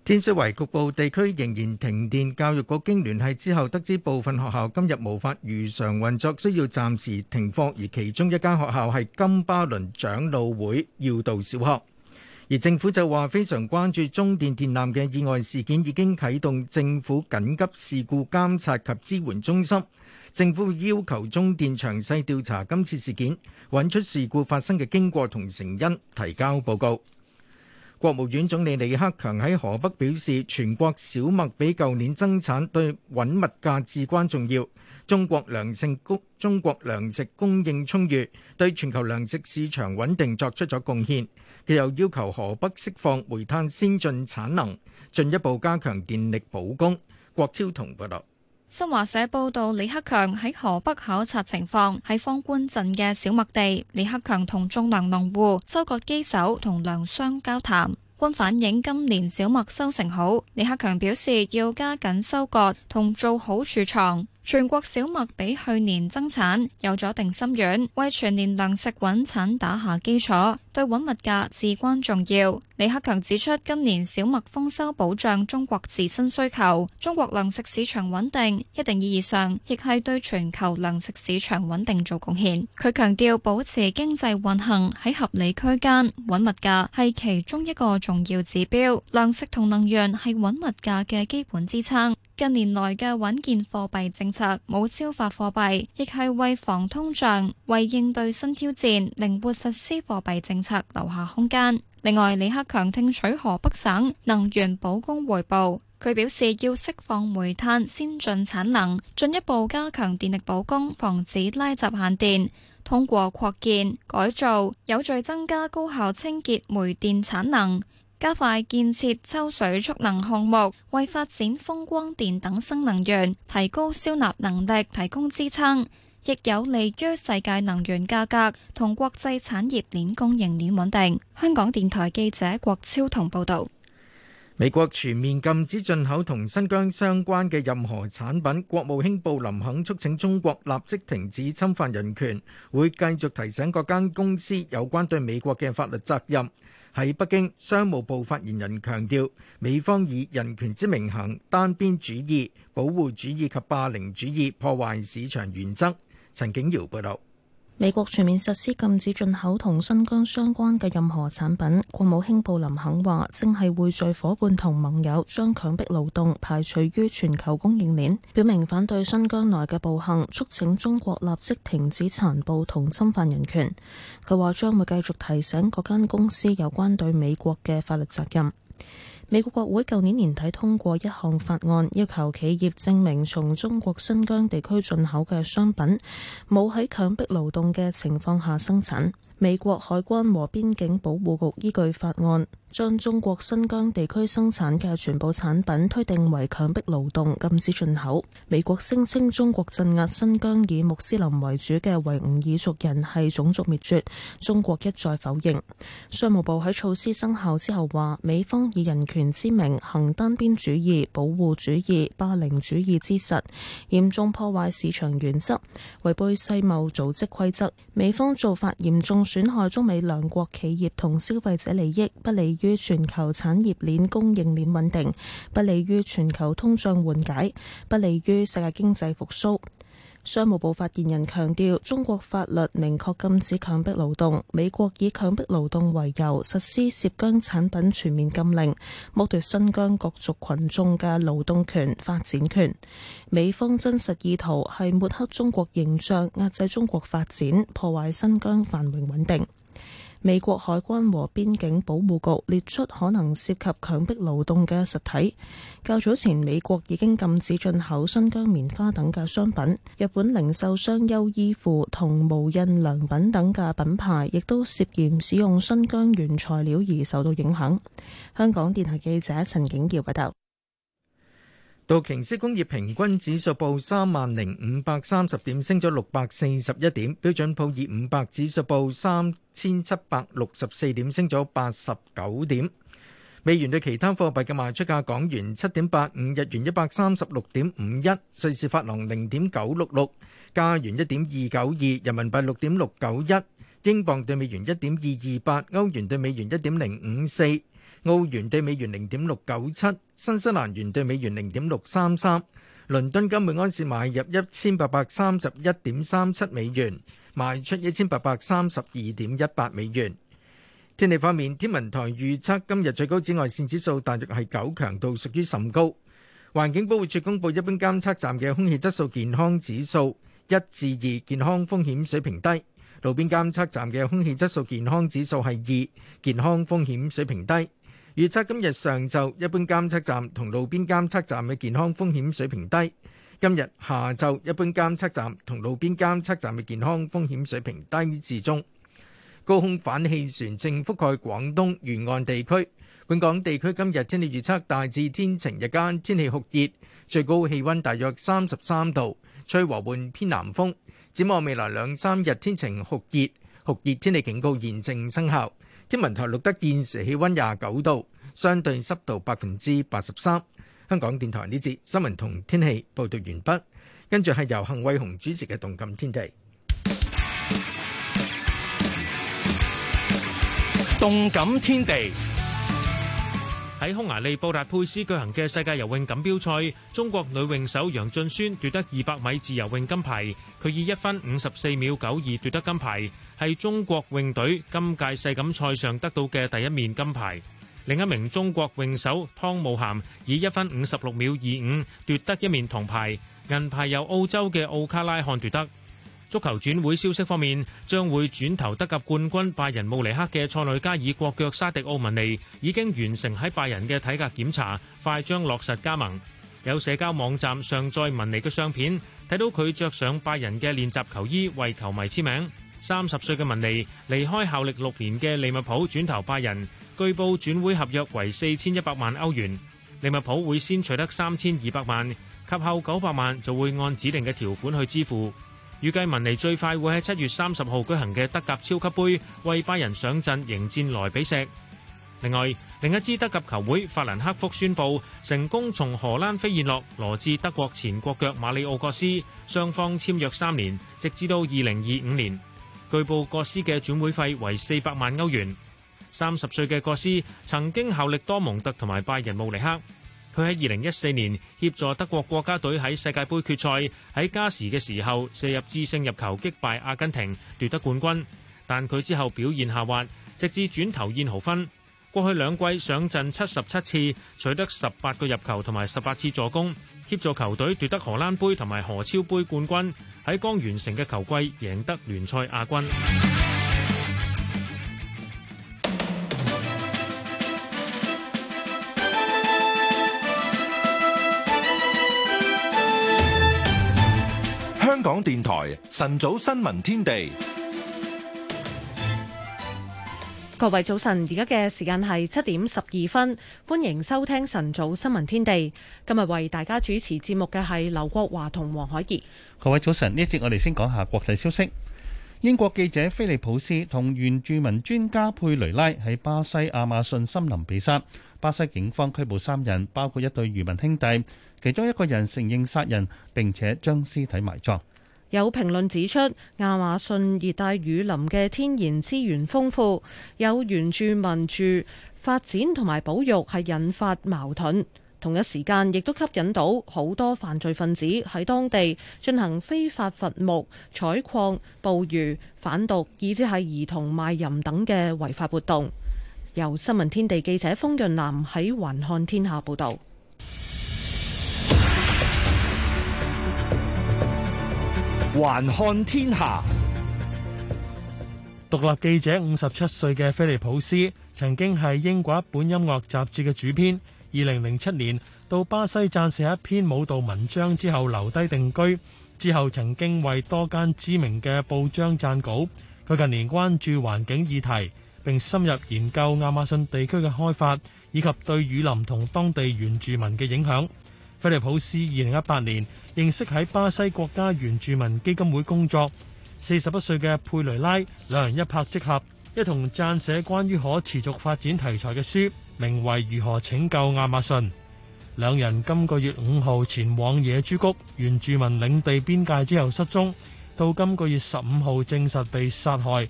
天水圍局部地區仍然停電，教育局經聯繫之後，得知部分學校今日無法如常運作，需要暫時停課，而其中一間學校係金巴倫長老會耀道小學。而政府就話非常關注中電電纜嘅意外事件，已經啟動政府緊急事故監察及支援中心。政府要求中電詳細調查今次事件，揾出事故發生嘅經過同成因，提交報告。國務院總理李克強喺河北表示，全國小麥比舊年增產，對穩物價至關重要。中國糧食供，中國糧食供應充裕，對全球糧食市場穩定作出咗貢獻。佢又要求河北釋放煤炭先進產能，進一步加強電力保供。郭超同報道。新華社報道，李克強喺河北考察情況，喺方官鎮嘅小麥地，李克強同種糧農戶、收割機手同糧商交談，均反映今年小麥收成好。李克強表示要加緊收割同做好儲藏。全國小麥比去年增產，有咗定心丸，為全年糧食穩產打下基礎，對穩物價至關重要。李克強指出，今年小麥豐收保障中國自身需求，中國糧食市場穩定，一定意義上亦係對全球糧食市場穩定做貢獻。佢強調，保持經濟運行喺合理區間，穩物價係其中一個重要指標。糧食同能源係穩物價嘅基本支撐。近年來嘅穩健貨幣政策冇超發貨幣，亦係為防通脹、為應對新挑戰，靈活實施貨幣政策留下空間。另外，李克強聽取河北省能源保供匯報，佢表示要釋放煤炭先進產能，進一步加強電力保供，防止拉閘限電，通過擴建、改造，有序增加高效清潔煤電產能。加快建設抽水蓄能項目，為發展風光電等新能源提高消納能力提供支撐，亦有利於世界能源價格同國際產業鏈供應鏈穩定。香港電台記者郭超彤報道。美國全面禁止進口同新疆相關嘅任何產品。國務卿布林肯促請中國立即停止侵犯人權，會繼續提醒各間公司有關對美國嘅法律責任。喺北京，商務部發言人強調，美方以人權之名行單邊主義、保護主義及霸凌主義，破壞市場原則。陳景瑤報道。美國全面實施禁止進口同新疆相關嘅任何產品。國務卿布林肯話：正係匯聚伙伴同盟友將強迫勞動排除於全球供應鏈，表明反對新疆內嘅暴行，促請中國立即停止殘暴同侵犯人權。佢話將會繼續提醒各間公司有關對美國嘅法律責任。美國國會舊年年底通過一項法案，要求企業證明從中國新疆地區進口嘅商品冇喺強迫勞動嘅情況下生產。美國海關和邊境保護局依據法案，將中國新疆地區生產嘅全部產品推定為強迫勞動，禁止進口。美國聲稱中國鎮壓新疆以穆斯林為主嘅維吾爾族人係種族滅絕，中國一再否認。商務部喺措施生效之後話，美方以人權之名行單邊主義、保護主義、霸凌主義之實，嚴重破壞市場原則，違背世貿組織規則。美方做法嚴重，損害中美兩國企業同消費者利益，不利於全球產業鏈供應鏈穩定，不利於全球通脹緩解，不利於世界經濟復甦。商務部發言人強調，中國法律明確禁止強迫勞動。美國以強迫勞動為由實施涉疆產品全面禁令，剝奪新疆各族群眾嘅勞動權、發展權。美方真實意圖係抹黑中國形象，壓制中國發展，破壞新疆繁榮穩定。美國海關和邊境保護局列出可能涉及強迫勞動嘅實體。較早前，美國已經禁止進口新疆棉花等嘅商品。日本零售商優衣庫同無印良品等嘅品牌亦都涉嫌使用新疆原材料而受到影響，香港電台記者陳景耀報道。道瓊斯工業平均指數報三萬零五百三十點，升咗六百四十一點；標準普爾五百指數報三千七百六十四點，升咗八十九點。美元對其他貨幣嘅賣出價：港元七點八五，日元一百三十六點五一，瑞士法郎零點九六六，加元一點二九二，人民幣六點六九一，英鎊對美元一點二二八，歐元對美元一點零五四。澳元兌美元零點六九七，新西蘭元兌美元零點六三三，倫敦金每安士買入一千八百三十一點三七美元，賣出一千八百三十二點一八美元。天氣方面，天文台預測今日最高紫外線指數大約係九，強度屬於甚高。環境保護署公布一般監測站嘅空氣質素健康指數一至二，健康風險水平低。路邊監測站嘅空氣質素健康指數係二，健康風險水平低。預測今日上晝一般監測站同路邊監測站嘅健康風險水平低。今日下晝一般監測站同路邊監測站嘅健康風險水平低至中。高空反氣旋正覆蓋廣東沿岸地區，本港地區今日天氣預測大致天晴，日間，天氣酷熱，最高氣溫大約三十三度，吹和緩偏南風。展望未來兩三日天晴酷熱，酷熱天氣警告現正生效。天文台錄得現時氣温廿九度，相對濕度百分之八十三。香港電台呢節新聞同天氣報道完畢，跟住係由幸偉雄主持嘅《動感天地》。動感天地。喺匈牙利布達佩斯舉行嘅世界游泳錦標賽，中國女泳手楊俊璇奪得足球轉會消息方面，將會轉投德甲冠軍拜仁慕尼黑嘅塞內加爾國腳沙迪奧文尼已經完成喺拜仁嘅體格檢查，快將落實加盟。有社交網站上載文尼嘅相片，睇到佢着上拜仁嘅練習球衣為球迷簽名。三十歲嘅文尼離開效力六年嘅利物浦，轉投拜仁，據報轉會合約為四千一百萬歐元。利物浦會先取得三千二百萬，及後九百萬就會按指定嘅條款去支付。預計文尼最快會喺七月三十號舉行嘅德甲超級杯，為拜仁上陣迎戰萊比錫。另外，另一支德甲球會法蘭克福宣佈成功從荷蘭飛燕諾羅致德國前國腳馬里奧·葛斯，雙方簽約三年，直至到二零二五年。據報葛斯嘅轉會費為四百萬歐元。三十歲嘅葛斯曾經效力多蒙特同埋拜仁慕尼黑。佢喺二零一四年協助德國國家隊喺世界盃決賽喺加時嘅時候射入致勝入球，擊敗阿根廷奪得冠軍。但佢之後表現下滑，直至轉投燕豪芬。過去兩季上陣七十七次，取得十八個入球同埋十八次助攻，協助球隊奪得荷蘭杯同埋荷超杯冠軍。喺剛完成嘅球季贏得聯賽亞軍。台晨早新聞天地，各位早晨，而家嘅時間係七點十二分，歡迎收聽晨早新聞天地。今日為大家主持節目嘅係劉國華同黃海怡。各位早晨，呢一節我哋先講下國際消息。英國記者菲利普斯同原住民專家佩雷拉喺巴西亞馬遜森林被殺，巴西警方拘捕三人，包括一對漁民兄弟，其中一個人承認殺人，並且將屍體埋葬。有評論指出，亞馬遜熱帶雨林嘅天然資源豐富，有原住民住、發展同埋保育係引發矛盾。同一時間，亦都吸引到好多犯罪分子喺當地進行非法伐木、採礦、捕魚、販毒，以至係兒童賣淫等嘅違法活動。由新聞天地記者封潤南喺環看天下報導。還看天下，獨立記者五十七歲嘅菲利普斯，曾經係英國一本音樂雜誌嘅主編。二零零七年到巴西撰寫一篇舞蹈文章之後，留低定居。之後曾經為多間知名嘅報章撰稿。佢近年關注環境議題，並深入研究亞馬遜地區嘅開發以及對雨林同當地原住民嘅影響。菲利普斯二零一八年認識喺巴西國家原住民基金會工作，四十一歲嘅佩雷拉兩人一拍即合，一同撰寫關於可持續發展題材嘅書，名為《如何拯救亞馬遜》。兩人今個月五號前往野豬谷原住民領地邊界之後失蹤，到今個月十五號證實被殺害。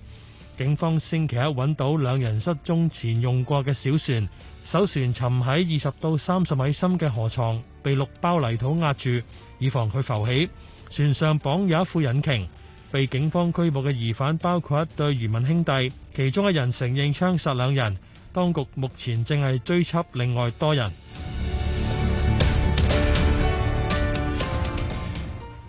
警方星期一揾到兩人失蹤前用過嘅小船，艘船沉喺二十到三十米深嘅河床。被六包泥土壓住，以防佢浮起。船上綁有一副引擎。被警方拘捕嘅疑犯包括一對漁民兄弟，其中一人承認槍殺兩人。當局目前正係追緝另外多人。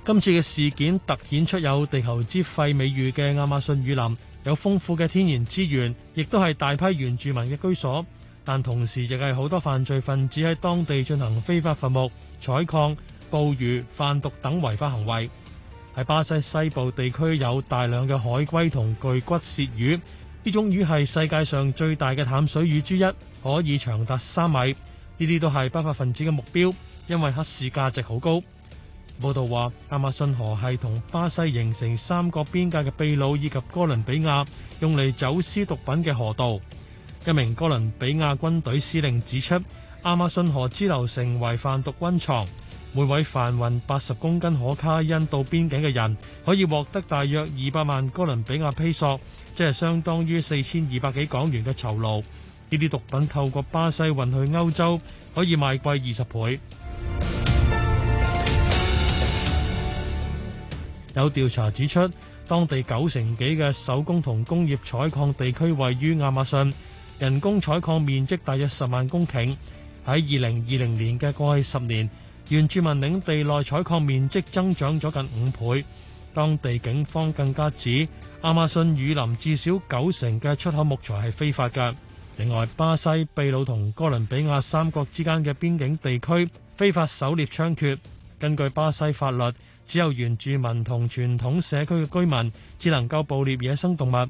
今次嘅事件凸顯出有地球之肺美譽嘅亞馬遜雨林有豐富嘅天然資源，亦都係大批原住民嘅居所。但同時亦係好多犯罪分子喺當地進行非法伐木、採礦、捕魚、販毒等違法行為。喺巴西西部地區有大量嘅海龜同巨骨舌魚，呢種魚係世界上最大嘅淡水魚之一，可以長達三米。呢啲都係不法分子嘅目標，因為黑市價值好高。報道話，亞馬遜河係同巴西形成三角邊界嘅秘魯以及哥倫比亞，用嚟走私毒品嘅河道。一名哥倫比亞軍隊司令指出，亞馬遜河支流成為販毒軍藏，每位販運八十公斤可卡因到邊境嘅人，可以獲得大約二百萬哥倫比亞披索，即係相當於四千二百幾港元嘅酬勞。呢啲毒品透過巴西運去歐洲，可以賣貴二十倍。有調查指出，當地九成幾嘅手工同工業採礦地區位於亞馬遜。人工採礦面積大約十萬公頃，喺二零二零年嘅過去十年，原住民領地內採礦面積增長咗近五倍。當地警方更加指，亞馬遜雨林至少九成嘅出口木材係非法嘅。另外，巴西、秘魯同哥倫比亞三國之間嘅邊境地區，非法狩獵猖獗。根據巴西法律，只有原住民同傳統社區嘅居民，只能夠捕獵野生動物。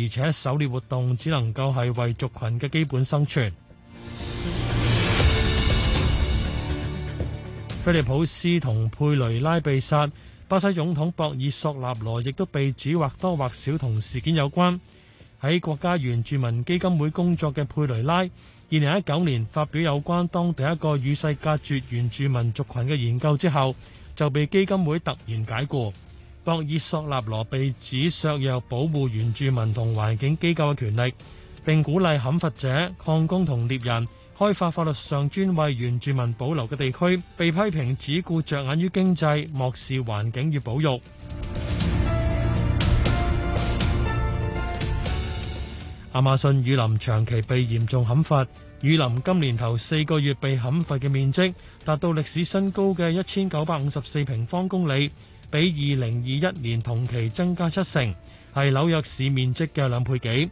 而且狩獵活動只能夠係為族群嘅基本生存。菲利普斯同佩雷拉被殺，巴西總統博爾索納羅亦都被指或多或少同事件有關。喺國家原住民基金會工作嘅佩雷拉，二零一九年發表有關當地一個與世隔絕原住民族群嘅研究之後，就被基金會突然解僱。博爾索納羅被指削弱保護原住民同環境機構嘅權力，並鼓勵砍伐者、礦工同獵人開發法律上專為原住民保留嘅地區，被批評只顧着眼於經濟，漠視環境與保育。亞 馬遜雨林長期被嚴重砍伐，雨林今年頭四個月被砍伐嘅面積達到歷史新高嘅一千九百五十四平方公里。比二零二一年同期增加七成，係紐約市面積嘅兩倍幾。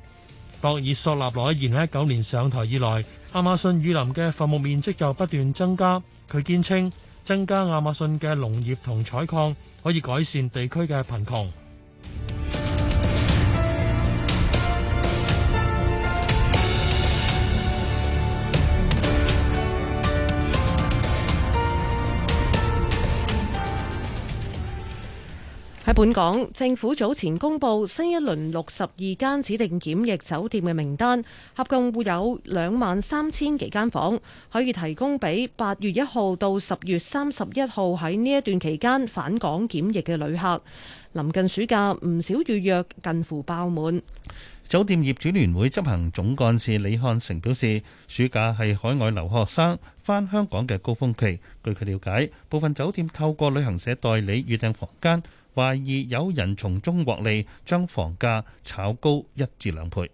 博爾索納羅喺2019年上台以來，亞馬遜雨林嘅伐木面積就不斷增加。佢堅稱，增加亞馬遜嘅農業同採礦可以改善地區嘅貧窮。喺本港，政府早前公布新一輪六十二間指定檢疫酒店嘅名單，合共會有兩萬三千幾間房可以提供俾八月一號到十月三十一號喺呢一段期間返港檢疫嘅旅客。臨近暑假，唔少預約近乎爆滿，酒店業主聯會執行總幹事李漢成表示，暑假係海外留學生返香港嘅高峰期。據佢了解，部分酒店透過旅行社代理預訂房間。懷疑有人從中獲利，將房價炒高一至兩倍。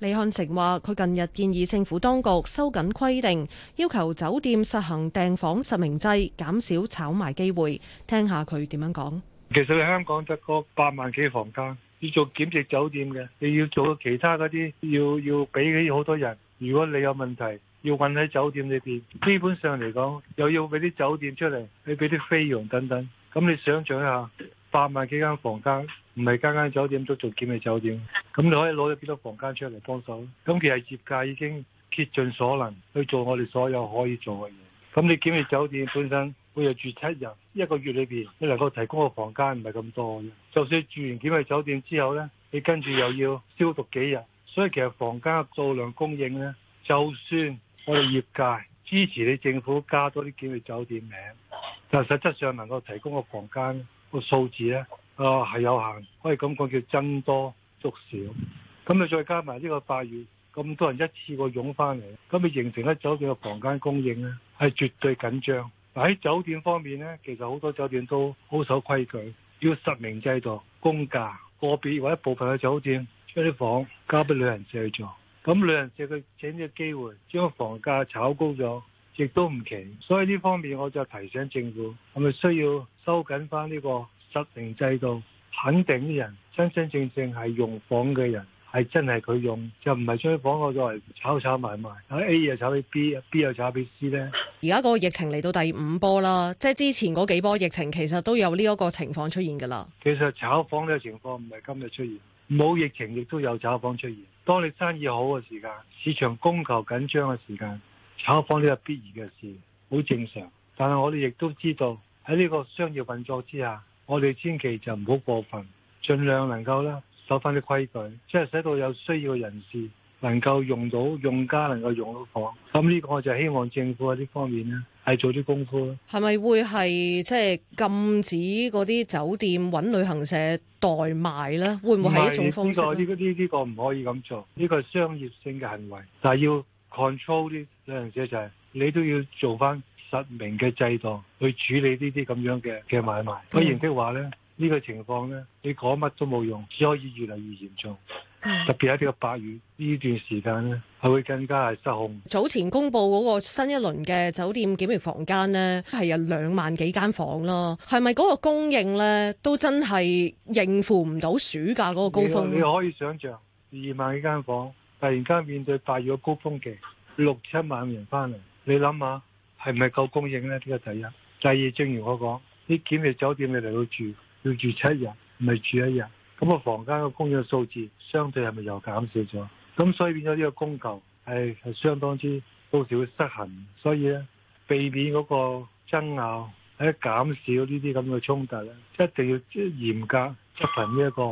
李漢成話，佢近日建議政府當局收緊規定，要求酒店實行訂房實名制，減少炒賣機會。聽下佢點樣講。其實喺香港得個八萬幾房間，要做檢疫酒店嘅，你要做其他嗰啲，要要俾起好多人。如果你有問題，要困喺酒店裏邊，基本上嚟講，又要俾啲酒店出嚟，你俾啲費用等等。咁你想象一下。八萬幾間房間，唔係間間酒店都做檢疫酒店，咁你可以攞咗幾多房間出嚟幫手？咁其實業界已經竭盡所能去做我哋所有可以做嘅嘢。咁你檢疫酒店本身每日住七日，一個月裏邊你能夠提供嘅房間唔係咁多嘅。就算住完檢疫酒店之後呢，你跟住又要消毒幾日，所以其實房間數量供應呢，就算我哋業界支持你政府加多啲檢疫酒店名，但實質上能夠提供嘅房間。個數字咧，啊係有限，可以咁講叫增多縮少。咁你再加埋呢個八月，咁多人一次過湧翻嚟，咁你形成咧，酒店嘅房間供應咧，係絕對緊張。喺酒店方面咧，其實好多酒店都好守規矩，要實名制度，公價。個別或者部分嘅酒店將啲房交俾旅行社去做，咁旅行社佢趁呢個機會將房價炒高咗。亦都唔奇，所以呢方面我就提醒政府係咪需要收緊翻呢個實名制度，肯定啲人真真正正係用房嘅人，係真係佢用，就唔係將房我作為炒炒買賣。A 又炒俾 B 啊，B 又炒俾 C 咧。而家個疫情嚟到第五波啦，即係之前嗰幾波疫情其實都有呢一個情況出現噶啦。其實炒房呢個情況唔係今日出現，冇疫情亦都有炒房出現，當你生意好嘅時間，市場供求緊張嘅時間。炒房呢個必然嘅事，好正常。但係我哋亦都知道喺呢個商業運作之下，我哋千祈就唔好過分，盡量能夠咧守翻啲規矩，即係使到有需要嘅人士能夠用到，用家能夠用到房。咁呢個我就希望政府喺呢方面呢係做啲功夫咯。係咪會係即係禁止嗰啲酒店揾旅行社代賣咧？會唔會係一種方式？呢個呢，呢個唔可以咁做，呢個係商業性嘅行為，但係要 control 啲兩樣嘢就係，你都要做翻實名嘅制度去處理呢啲咁樣嘅嘅買賣。嗯、不然的話咧，呢、呢個情況咧，你講乜都冇用，只可以越嚟越嚴重。唉特別喺呢個八月呢段時間咧，係會更加係失控。早前公布嗰個新一輪嘅酒店檢疫房間咧，係有兩萬幾間房咯。係咪嗰個供應咧都真係應付唔到暑假嗰、嗰個高峰你？你可以想象二萬幾間房間。突然間面對八月嘅高峰期，六七萬人翻嚟，你諗下係咪係夠供應呢？呢、呢個第一，第二正如我講，啲檢疫酒店你嚟到住，要住七日，唔係住一日，咁個房間個供應數字相對係咪又減少咗？咁所以變咗呢個供求係係相當之到時會失衡，所以咧避免嗰個爭拗，喺減少呢啲咁嘅衝突咧，一定要即嚴格執行呢一個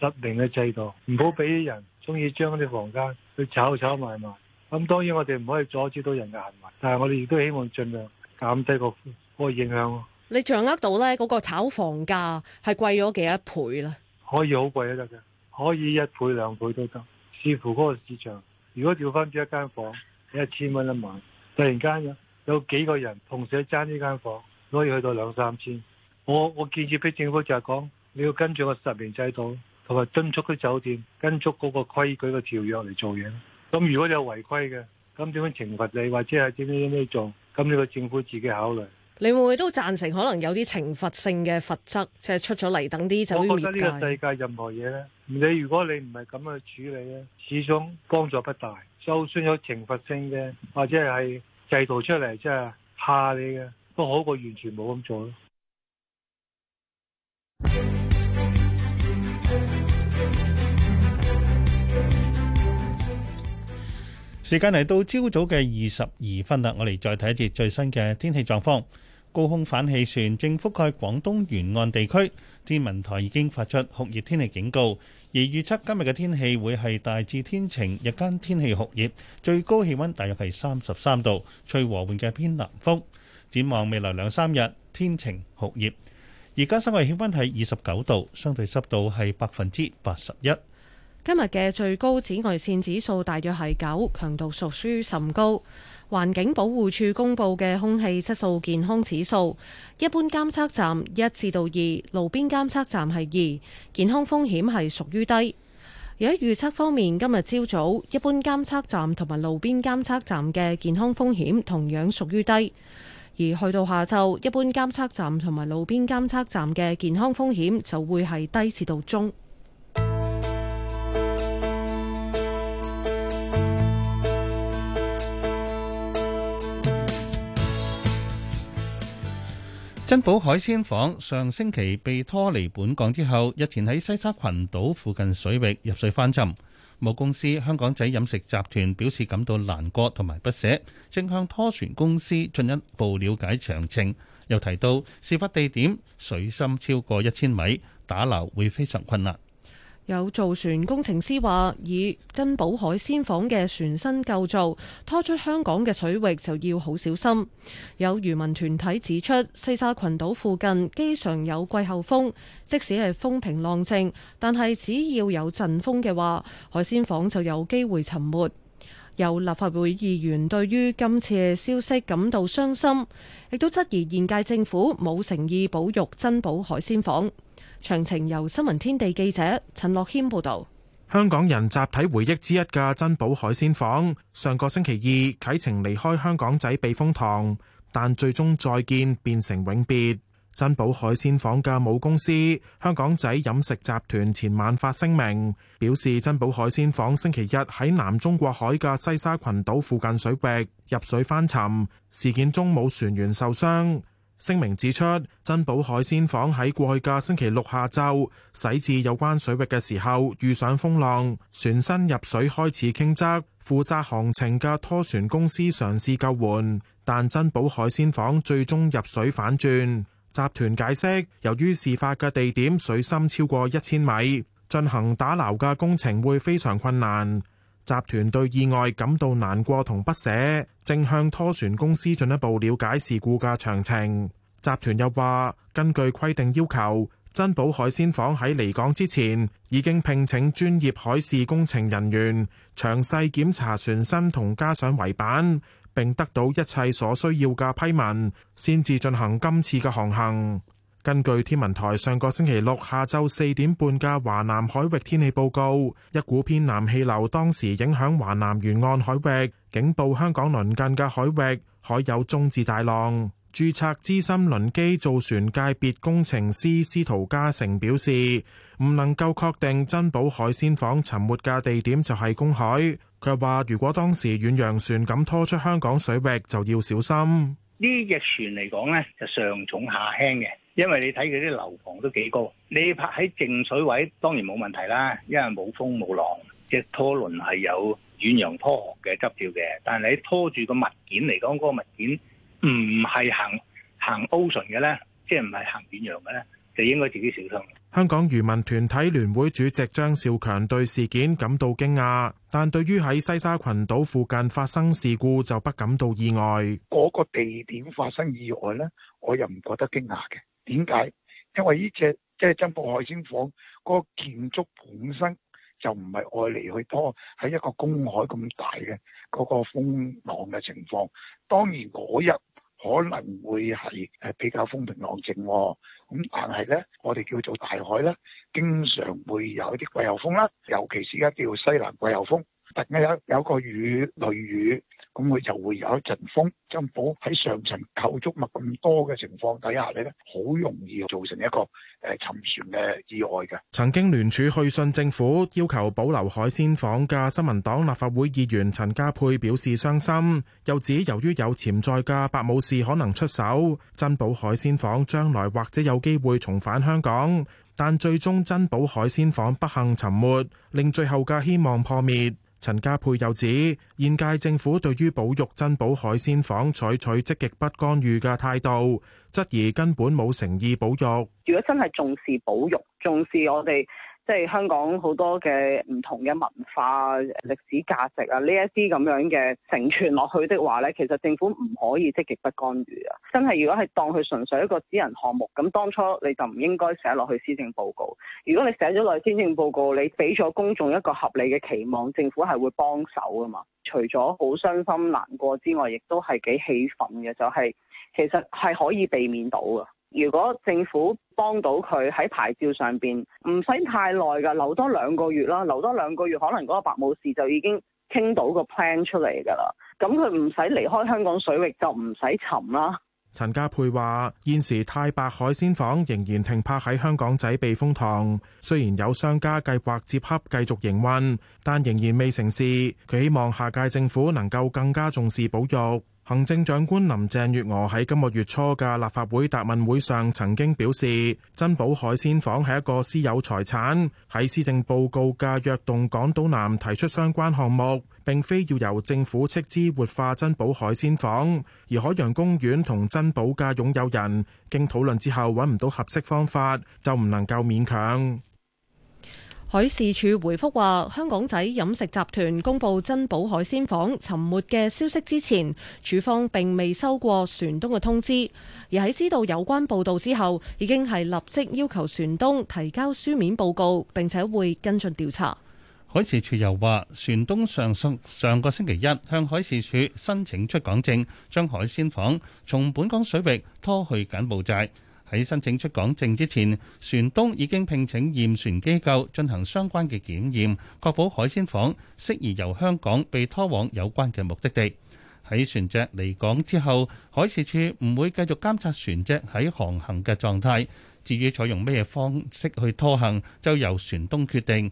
實名嘅制度，唔好俾人，中意將啲房間去炒炒賣賣，咁當然我哋唔可以阻止到人嘅行為，但係我哋亦都希望盡量減低個嗰個影響。你掌握到呢嗰個炒房價係貴咗幾多倍咧？可以好貴都得嘅，可以一倍兩倍都得，視乎嗰個市場。如果調翻住一間房一千蚊一晚，突然間有有幾個人同時爭呢間房，可以去到兩三千。我我建議俾政府就係講，你要跟住個實名制度。同埋敦促啲酒店跟足嗰個規矩個條約嚟做嘢，咁如果有違規嘅，咁點樣懲罰你或者係點樣點樣做？咁你個政府自己考慮。你會唔會都贊成可能有啲懲罰性嘅罰則即係、就是、出咗嚟等啲酒店？我覺得呢個世界任何嘢咧，你如果你唔係咁樣去處理咧，始終幫助不大。就算有懲罰性嘅，或者係制度出嚟即係嚇你嘅，都好過完全冇咁做咯。時間嚟到朝早嘅二十二分啦，我哋再睇一節最新嘅天氣狀況。高空反氣旋正覆蓋廣東沿岸地區，天文台已經發出酷熱天氣警告，而預測今日嘅天氣會係大致天晴，日間天氣酷熱，最高氣溫大約係三十三度，吹和緩嘅偏南風。展望未來兩三日，天晴酷熱。而家室外氣溫係二十九度，相對濕度係百分之八十一。今日嘅最高紫外線指數大約係九，強度屬屬於甚高。環境保護署公布嘅空氣質素健康指數，一般監測站一至到二，路邊監測站係二，健康風險係屬於低。而喺預測方面，今日朝早一般監測站同埋路邊監測站嘅健康風險同樣屬於低，而去到下晝，一般監測站同埋路邊監測站嘅健康風險就會係低至到中。珍寶海鮮舫上星期被拖離本港之後，日前喺西沙群島附近水域入水翻沉。母公司香港仔飲食集團表示感到難過同埋不捨，正向拖船公司進一步了解詳情。又提到事發地點水深超過一千米，打撈會非常困難。有造船工程師話：以珍寶海鮮舫嘅船身構造，拖出香港嘅水域就要好小心。有漁民團體指出，西沙群島附近經常有季候風，即使係風平浪靜，但係只要有陣風嘅話，海鮮舫就有機會沉沒。有立法會議員對於今次嘅消息感到傷心，亦都質疑現屆政府冇誠意保育珍寶海鮮舫。詳情由新聞天地記者陳樂謙報道。香港人集體回憶之一嘅珍寶海鮮舫，上個星期二啟程離開香港仔避風塘，但最終再見變成永別。珍寶海鮮舫嘅母公司香港仔飲食集團前晚發聲明，表示珍寶海鮮舫星期日喺南中國海嘅西沙群島附近水域入水翻沉，事件中冇船員受傷。聲明指出，珍寶海鮮舫喺過去嘅星期六下晝駛至有關水域嘅時候，遇上風浪，船身入水開始傾側。負責航程嘅拖船公司嘗試救援，但珍寶海鮮舫最終入水反轉。集團解釋，由於事發嘅地點水深超過一千米，進行打撈嘅工程會非常困難。集團對意外感到難過同不捨，正向拖船公司進一步了解事故嘅詳情。集團又話，根據規定要求，珍寶海鮮舫喺離港之前已經聘請專業海事工程人員詳細檢查船身同加上圍板，並得到一切所需要嘅批文，先至進行今次嘅航行。根據天文台上個星期六下晝四點半嘅華南海域天氣報告，一股偏南氣流當時影響華南沿岸海域，警報香港鄰近嘅海域海有中至大浪。註冊資深輪機造船界別工程師司徒嘉誠表示，唔能夠確定珍寶海鮮舫沉沒嘅地點就係公海。佢話：如果當時遠洋船噉拖出香港水域，就要小心。呢隻船嚟講呢，就上重下輕嘅。因為你睇佢啲樓房都幾高，你拍喺淨水位當然冇問題啦。因為冇風冇浪，即係拖輪係有遠洋拖航嘅執照嘅。但係你拖住個物件嚟講，嗰個物件唔係行行 Ocean 嘅咧，即係唔係行遠洋嘅咧，就應該自己小心。香港漁民團體聯會主席張少強對事件感到驚訝，但對於喺西沙群島附近發生事故就不感到意外。嗰個地點發生意外咧，我又唔覺得驚訝嘅。點解？因為呢隻即係珍寶海鮮舫，嗰、那個建築本身就唔係用嚟去拖喺一個公海咁大嘅嗰、那個風浪嘅情況。當然嗰日可能會係誒比較風平浪靜、哦，咁但係咧，我哋叫做大海咧，經常會有一啲季候風啦，尤其是而家叫做西南季候風，突然間有有個雨、雷雨。咁佢就會有一陣風，珍寶喺上層構築物咁多嘅情況底下你咧，好容易造成一個誒沉船嘅意外嘅。曾經聯署去信政府要求保留海鮮舫嘅新民黨立法會議員陳家佩表示傷心，又指由於有潛在嘅白武士可能出手，珍寶海鮮舫將來或者有機會重返香港，但最終珍寶海鮮舫不幸沉沒，令最後嘅希望破滅。陳家佩又指，現屆政府對於保育珍寶海鮮舫採取，取積極不干預嘅態度，質疑根本冇誠意保育。如果真係重視保育，重視我哋。即係香港好多嘅唔同嘅文化、歷史價值啊，呢一啲咁樣嘅承傳落去的話呢，其實政府唔可以積極不干預啊。真係如果係當佢純粹一個私人項目，咁當初你就唔應該寫落去施政報告。如果你寫咗落去施政報告，你俾咗公眾一個合理嘅期望，政府係會幫手噶嘛。除咗好傷心難過之外，亦都係幾氣憤嘅，就係其實係可以避免到噶。如果政府幫到佢喺牌照上邊，唔使太耐㗎，留多兩個月啦，留多兩個月，可能嗰個白武士就已經傾到個 plan 出嚟㗎啦。咁佢唔使離開香港水域就，就唔使沉啦。陳家佩話：現時太白海鮮舫仍然停泊喺香港仔避風塘，雖然有商家計劃接洽繼續營運，但仍然未成事。佢希望下屆政府能夠更加重視保育。行政長官林鄭月娥喺今個月初嘅立法會答問會上曾經表示，珍寶海鮮舫係一個私有財產，喺施政報告嘅約動港島南提出相關項目，並非要由政府斥資活化珍寶海鮮舫，而海洋公園同珍寶嘅擁有人經討論之後揾唔到合適方法，就唔能夠勉強。海事處回覆話：香港仔飲食集團公布珍寶海鮮舫沉沒嘅消息之前，處方並未收過船東嘅通知，而喺知道有關報導之後，已經係立即要求船東提交書面報告，並且會跟進調查。海事處又話，船東上上個星期一向海事處申請出港證，將海鮮舫從本港水域拖去柬埔寨。喺申請出港證之前，船東已經聘請驗船機構進行相關嘅檢驗，確保海鮮舫適宜由香港被拖往有關嘅目的地。喺船隻離港之後，海事處唔會繼續監察船隻喺航行嘅狀態，至於採用咩方式去拖行，就由船東決定。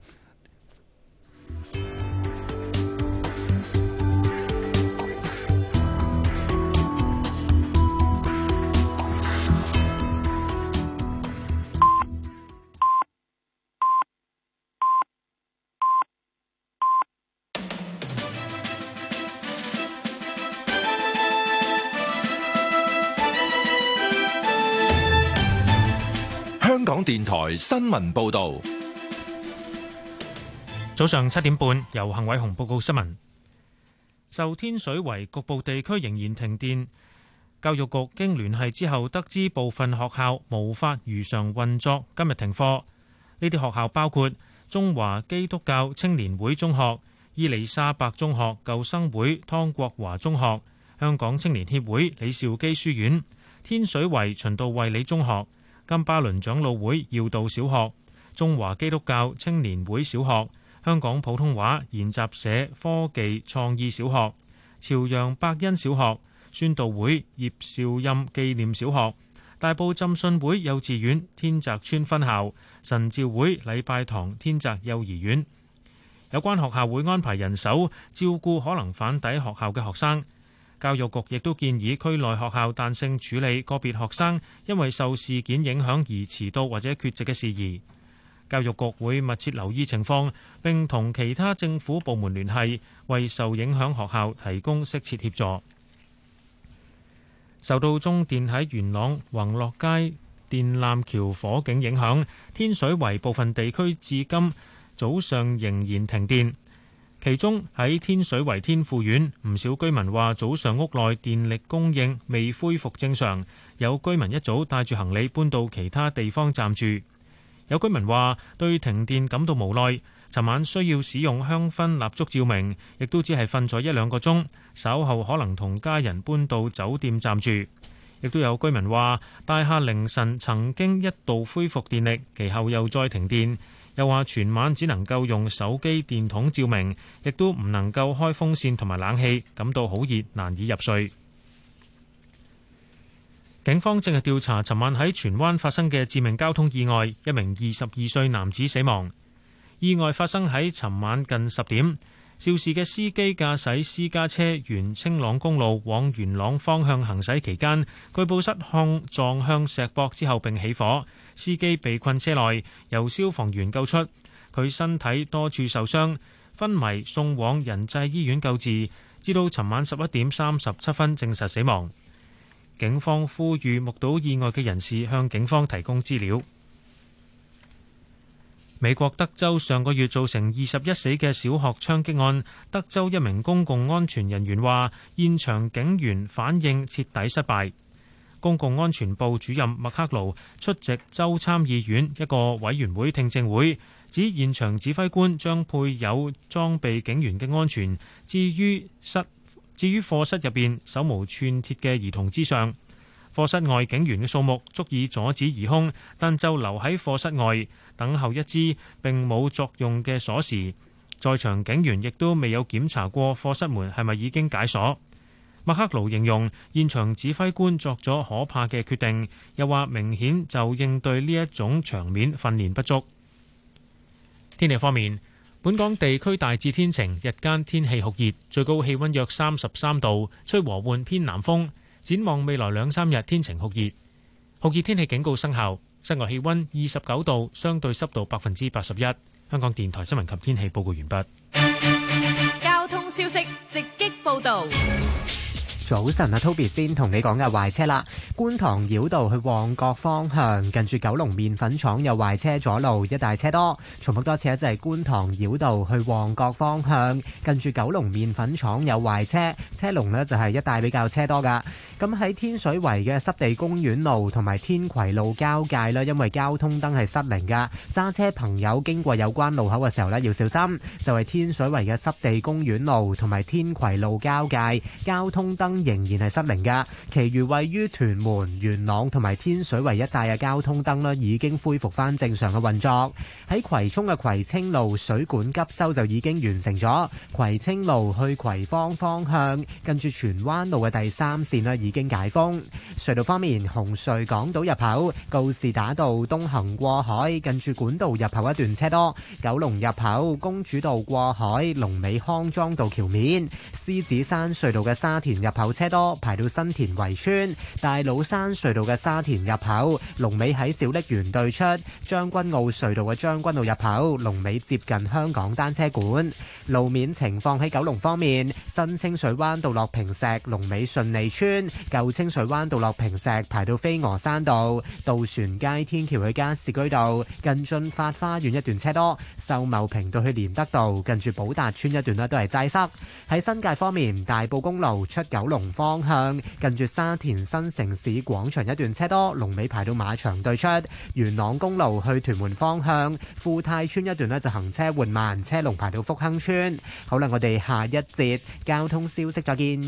香港電台新聞報道，早上七點半由幸偉雄報告新聞。受天水圍局部地區仍然停電，教育局經聯繫之後，得知部分學校無法如常運作，今日停課。呢啲學校包括中華基督教青年會中學、伊利沙伯中學舊生會湯國華中學、香港青年協會李兆基書院、天水圍循道衛理中學、金巴倫長老會耀道小學、中華基督教青年會小學、香港普通話研習社科技創意小學、朝陽百恩小學、宣道會葉紹蔭紀念小學、大埔浸信會幼稚園天澤村分校、神召會禮拜堂天澤幼兒園院，有關學校會安排人手照顧可能返抵學校嘅學生。教育局亦都建議區內學校彈性處理個別學生因為受事件影響而遲到或者缺席嘅事宜。教育局會密切留意情況，並同其他政府部門聯繫，為受影響學校提供適切協助。受到中電喺元朗宏樂街電纜橋火警影響，天水圍部分地區至今早上仍然停電。其中喺天水圍天富苑，唔少居民話早上屋內電力供應未恢復正常，有居民一早帶住行李搬到其他地方暫住。有居民話對停電感到無奈，尋晚需要使用香薰蠟燭照明，亦都只係瞓咗一兩個鐘，稍後可能同家人搬到酒店暫住。亦都有居民話大廈凌晨曾經一度恢復電力，其後又再停電。又話全晚只能夠用手機電筒照明，亦都唔能夠開風扇同埋冷氣，感到好熱，難以入睡。警方正係調查尋晚喺荃灣發生嘅致命交通意外，一名二十二歲男子死亡。意外發生喺尋晚近十點，肇事嘅司機駕駛私家車沿青朗公路往元朗方向行駛期間，據報失控撞向石壆之後並起火。司機被困車內，由消防員救出。佢身體多處受傷，昏迷送往仁濟醫院救治，至到尋晚十一點三十七分證實死亡。警方呼籲目睹意外嘅人士向警方提供資料。美國德州上個月造成二十一死嘅小學槍擊案，德州一名公共安全人員話：現場警員反應徹底失敗。公共安全部主任麥克盧出席州參議院一個委員會聽證會，指現場指揮官將配有裝備警員嘅安全置於室置於課室入邊手無寸鐵嘅兒童之上。課室外警員嘅數目足以阻止疑凶，但就留喺課室外等候一支並冇作用嘅鎖匙。在場警員亦都未有檢查過課室門係咪已經解鎖。麥克盧形容現場指揮官作咗可怕嘅決定，又話明顯就應對呢一種場面訓練不足。天氣方面，本港地區大致天晴，日間天氣酷熱，最高氣溫約三十三度，吹和緩偏南風。展望未來兩三日，天晴酷熱，酷熱天氣警告生效。室外氣溫二十九度，相對濕度百分之八十一。香港電台新聞及天氣報告完畢。交通消息直擊報道。早晨啊，Toby 先同你講嘅壞車啦，觀塘繞道去旺角方向，近住九龍麵粉廠有壞車阻路，一帶車多。重複多次啊，就係觀塘繞道去旺角方向，近住九龍麵粉廠有壞車，車龍呢就係一帶比較車多噶。咁喺天水圍嘅濕地公園路同埋天葵路交界啦，因為交通燈係失靈噶，揸車朋友經過有關路口嘅時候呢要小心。就係天水圍嘅濕地公園路同埋天葵路交界，交通燈。仍然係失靈噶，其餘位於屯門、元朗同埋天水圍一帶嘅交通燈咧，已經恢復翻正常嘅運作。喺葵涌嘅葵青路水管急修就已經完成咗，葵青路去葵芳方，方向，近住荃灣路嘅第三線咧已經解封。隧道方面，紅隧港島入口告士打道東行過海，近住管道入口一段車多；九龍入口公主道過海，龍尾康莊道橋面，獅子山隧道嘅沙田入口路車多，排到新田圍村、大老山隧道嘅沙田入口、龍尾喺小瀝源對出將軍澳隧道嘅將軍澳入口，龍尾接近香港單車館。路面情況喺九龍方面，新清水灣道落坪石，龍尾順利村；舊清水灣道落坪石，排到飛鵝山道、渡船街天橋去加士居道，近駿發花園一段車多；秀茂坪道去連德道，近住寶達邨一段咧都係擠塞。喺新界方面，大埔公路出九龍龍方向近住沙田新城市廣場一段車多，龍尾排到馬場對出。元朗公路去屯門方向，富泰村一段咧就行車緩慢，車龍排到福亨村。好啦，我哋下一節交通消息再見。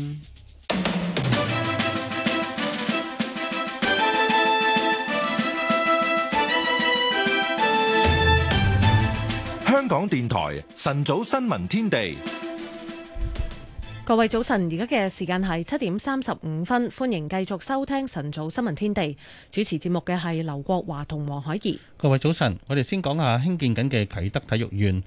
香港電台晨早新聞天地。各位早晨，而家嘅時間係七點三十五分，歡迎繼續收聽晨早新聞天地。主持節目嘅係劉國華同黃海怡。各位早晨，我哋先講下興建緊嘅啟德體育園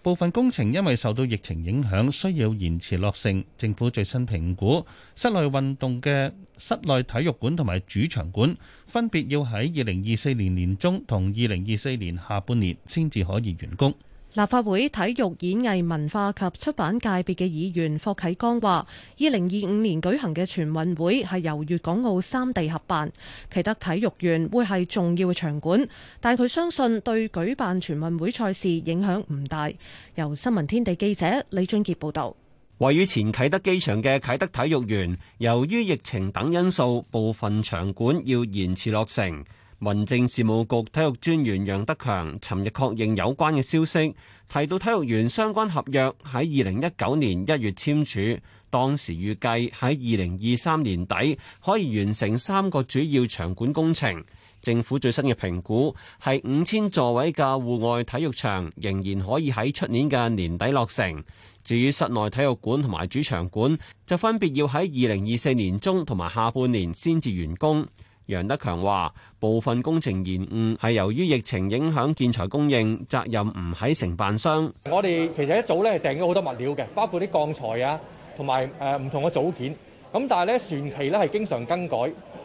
部分工程，因為受到疫情影響，需要延遲落成。政府最新評估，室內運動嘅室內體育館同埋主場館分別要喺二零二四年年中同二零二四年下半年先至可以完工。立法會體育演藝文化及出版界別嘅議員霍啟剛話，二零二五年舉行嘅全運會係由粵港澳三地合辦，啟德體育園會係重要嘅場館，但佢相信對舉辦全運會賽事影響唔大。由新聞天地記者李俊傑報導。位於前啟德機場嘅啟德體育園，由於疫情等因素，部分場館要延遲落成。民政事務局體育專員楊德強尋日確認有關嘅消息，提到體育園相關合約喺二零一九年一月簽署，當時預計喺二零二三年底可以完成三個主要場館工程。政府最新嘅評估係五千座位嘅戶外體育場仍然可以喺出年嘅年底落成，至於室內體育館同埋主場館就分別要喺二零二四年中同埋下半年先至完工。楊德強話：部分工程延誤係由於疫情影響建材供應，責任唔喺承辦商。我哋其實一早咧係訂咗好多物料嘅，包括啲鋼材啊，同埋誒唔同嘅組件。咁但係咧船期咧係經常更改，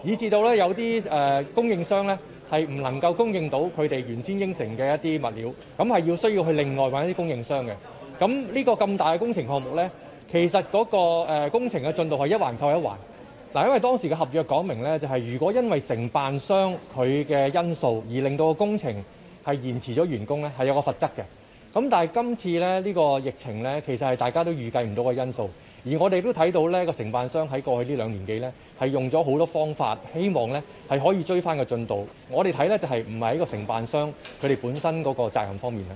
以致到咧有啲誒供應商咧係唔能夠供應到佢哋原先應承嘅一啲物料，咁係要需要去另外揾一啲供應商嘅。咁呢個咁大嘅工程項目咧，其實嗰個誒工程嘅進度係一環扣一環。嗱，因為當時嘅合約講明咧，就係如果因為承辦商佢嘅因素而令到個工程係延遲咗完工咧，係有個罰則嘅。咁但係今次咧呢個疫情咧，其實係大家都預計唔到嘅因素。而我哋都睇到咧個承辦商喺過去呢兩年幾咧係用咗好多方法，希望咧係可以追翻個進度。我哋睇咧就係唔係一個承辦商佢哋本身嗰個責任方面咧。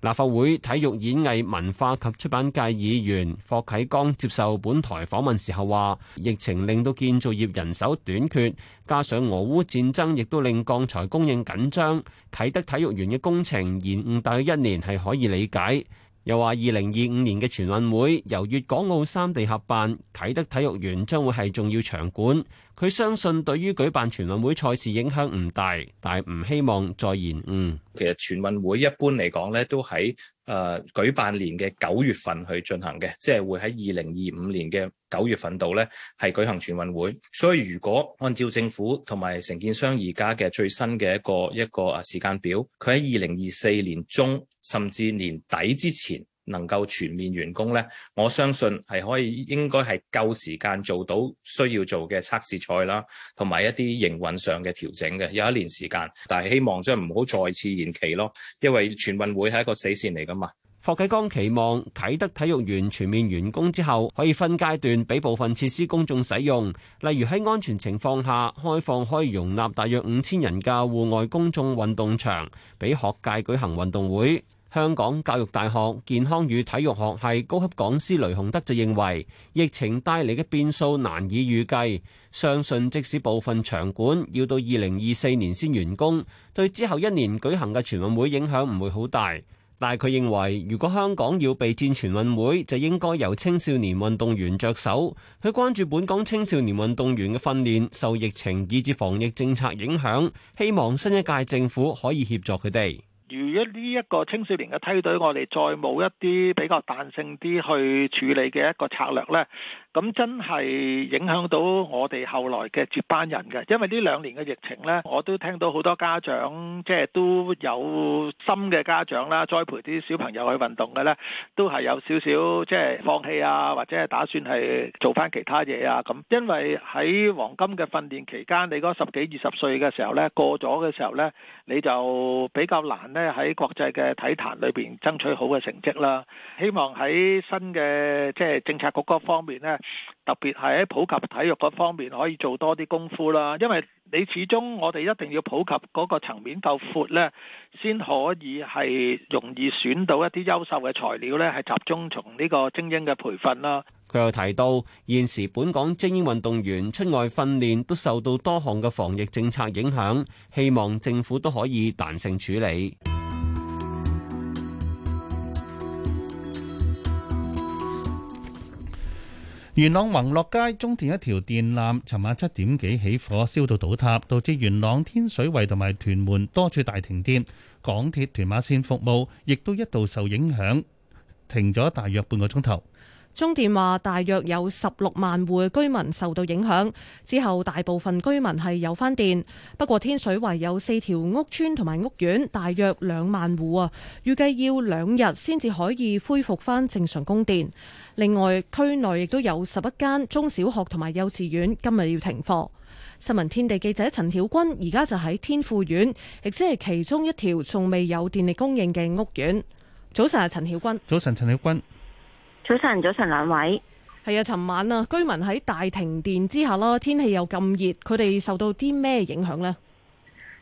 立法會體育演藝文化及出版界議員霍啟剛接受本台訪問時候話，疫情令到建造業人手短缺，加上俄烏戰爭亦都令鋼材供應緊張，啟德體育園嘅工程延誤大約一年係可以理解。又話二零二五年嘅全運會由粵港澳三地合辦，啟德體育園將會係重要場館。佢相信對於舉辦全運會賽事影響唔大，但係唔希望再延誤。其實全運會一般嚟講咧，都喺誒、呃、舉辦年嘅九月份去進行嘅，即係會喺二零二五年嘅九月份度咧係舉行全運會。所以如果按照政府同埋承建商而家嘅最新嘅一個一個啊時間表，佢喺二零二四年中甚至年底之前，能夠全面完工呢，我相信係可以應該係夠時間做到需要做嘅測試賽啦，同埋一啲營運上嘅調整嘅有一年時間，但係希望即係唔好再次延期咯，因為全運會係一個死線嚟噶嘛。霍啟剛期望啟德體育園全面完工之後，可以分階段俾部分設施公眾使用，例如喺安全情況下開放可以容納大約五千人嘅戶外公眾運動場，俾學界舉行運動會。香港教育大學健康與體育學系高級講師雷洪德就認為疫情帶嚟嘅變數難以預計，相信即使部分場館要到二零二四年先完工，對之後一年舉行嘅全運會影響唔會好大。但係，佢認為如果香港要備戰全運會就應該由青少年運動員着手，去關注本港青少年運動員嘅訓練受疫情以至防疫政策影響，希望新一屆政府可以協助佢哋。如果呢一個青少年嘅梯隊，我哋再冇一啲比較彈性啲去處理嘅一個策略呢，咁真係影響到我哋後來嘅接班人嘅，因為呢兩年嘅疫情咧，我都聽到好多家長即係都有心嘅家長啦，栽培啲小朋友去運動嘅咧，都係有少少即係放棄啊，或者係打算係做翻其他嘢啊咁。因為喺黃金嘅訓練期間，你嗰十幾二十歲嘅時候咧，過咗嘅時候咧，你就比較難咧，喺國際嘅體壇裏邊爭取好嘅成績啦。希望喺新嘅即係政策局嗰方面咧。特別係喺普及體育嗰方面，可以做多啲功夫啦。因為你始終我哋一定要普及嗰個層面夠闊咧，先可以係容易選到一啲優秀嘅材料咧，係集中從呢個精英嘅培訓啦。佢又提到，現時本港精英運動員出外訓練都受到多項嘅防疫政策影響，希望政府都可以彈性處理。元朗宏樂街中電一條電纜，尋晚七點幾起火，燒到倒塌，導致元朗天水圍同埋屯門多處大停電，港鐵屯馬線服務亦都一度受影響，停咗大約半個鐘頭。中電話大約有十六萬戶嘅居民受到影響，之後大部分居民係有翻電不過天水圍有四條屋村同埋屋苑，大約兩萬戶啊，預計要兩日先至可以恢復翻正常供電。另外區內亦都有十一間中小學同埋幼稚園今日要停課。新聞天地記者陳曉君而家就喺天富苑，亦即係其中一條仲未有電力供應嘅屋苑。早晨，陳曉君。早晨，陳曉君。早晨，早晨，兩位。係啊，尋晚啊，居民喺大停電之下啦，天氣又咁熱，佢哋受到啲咩影響咧？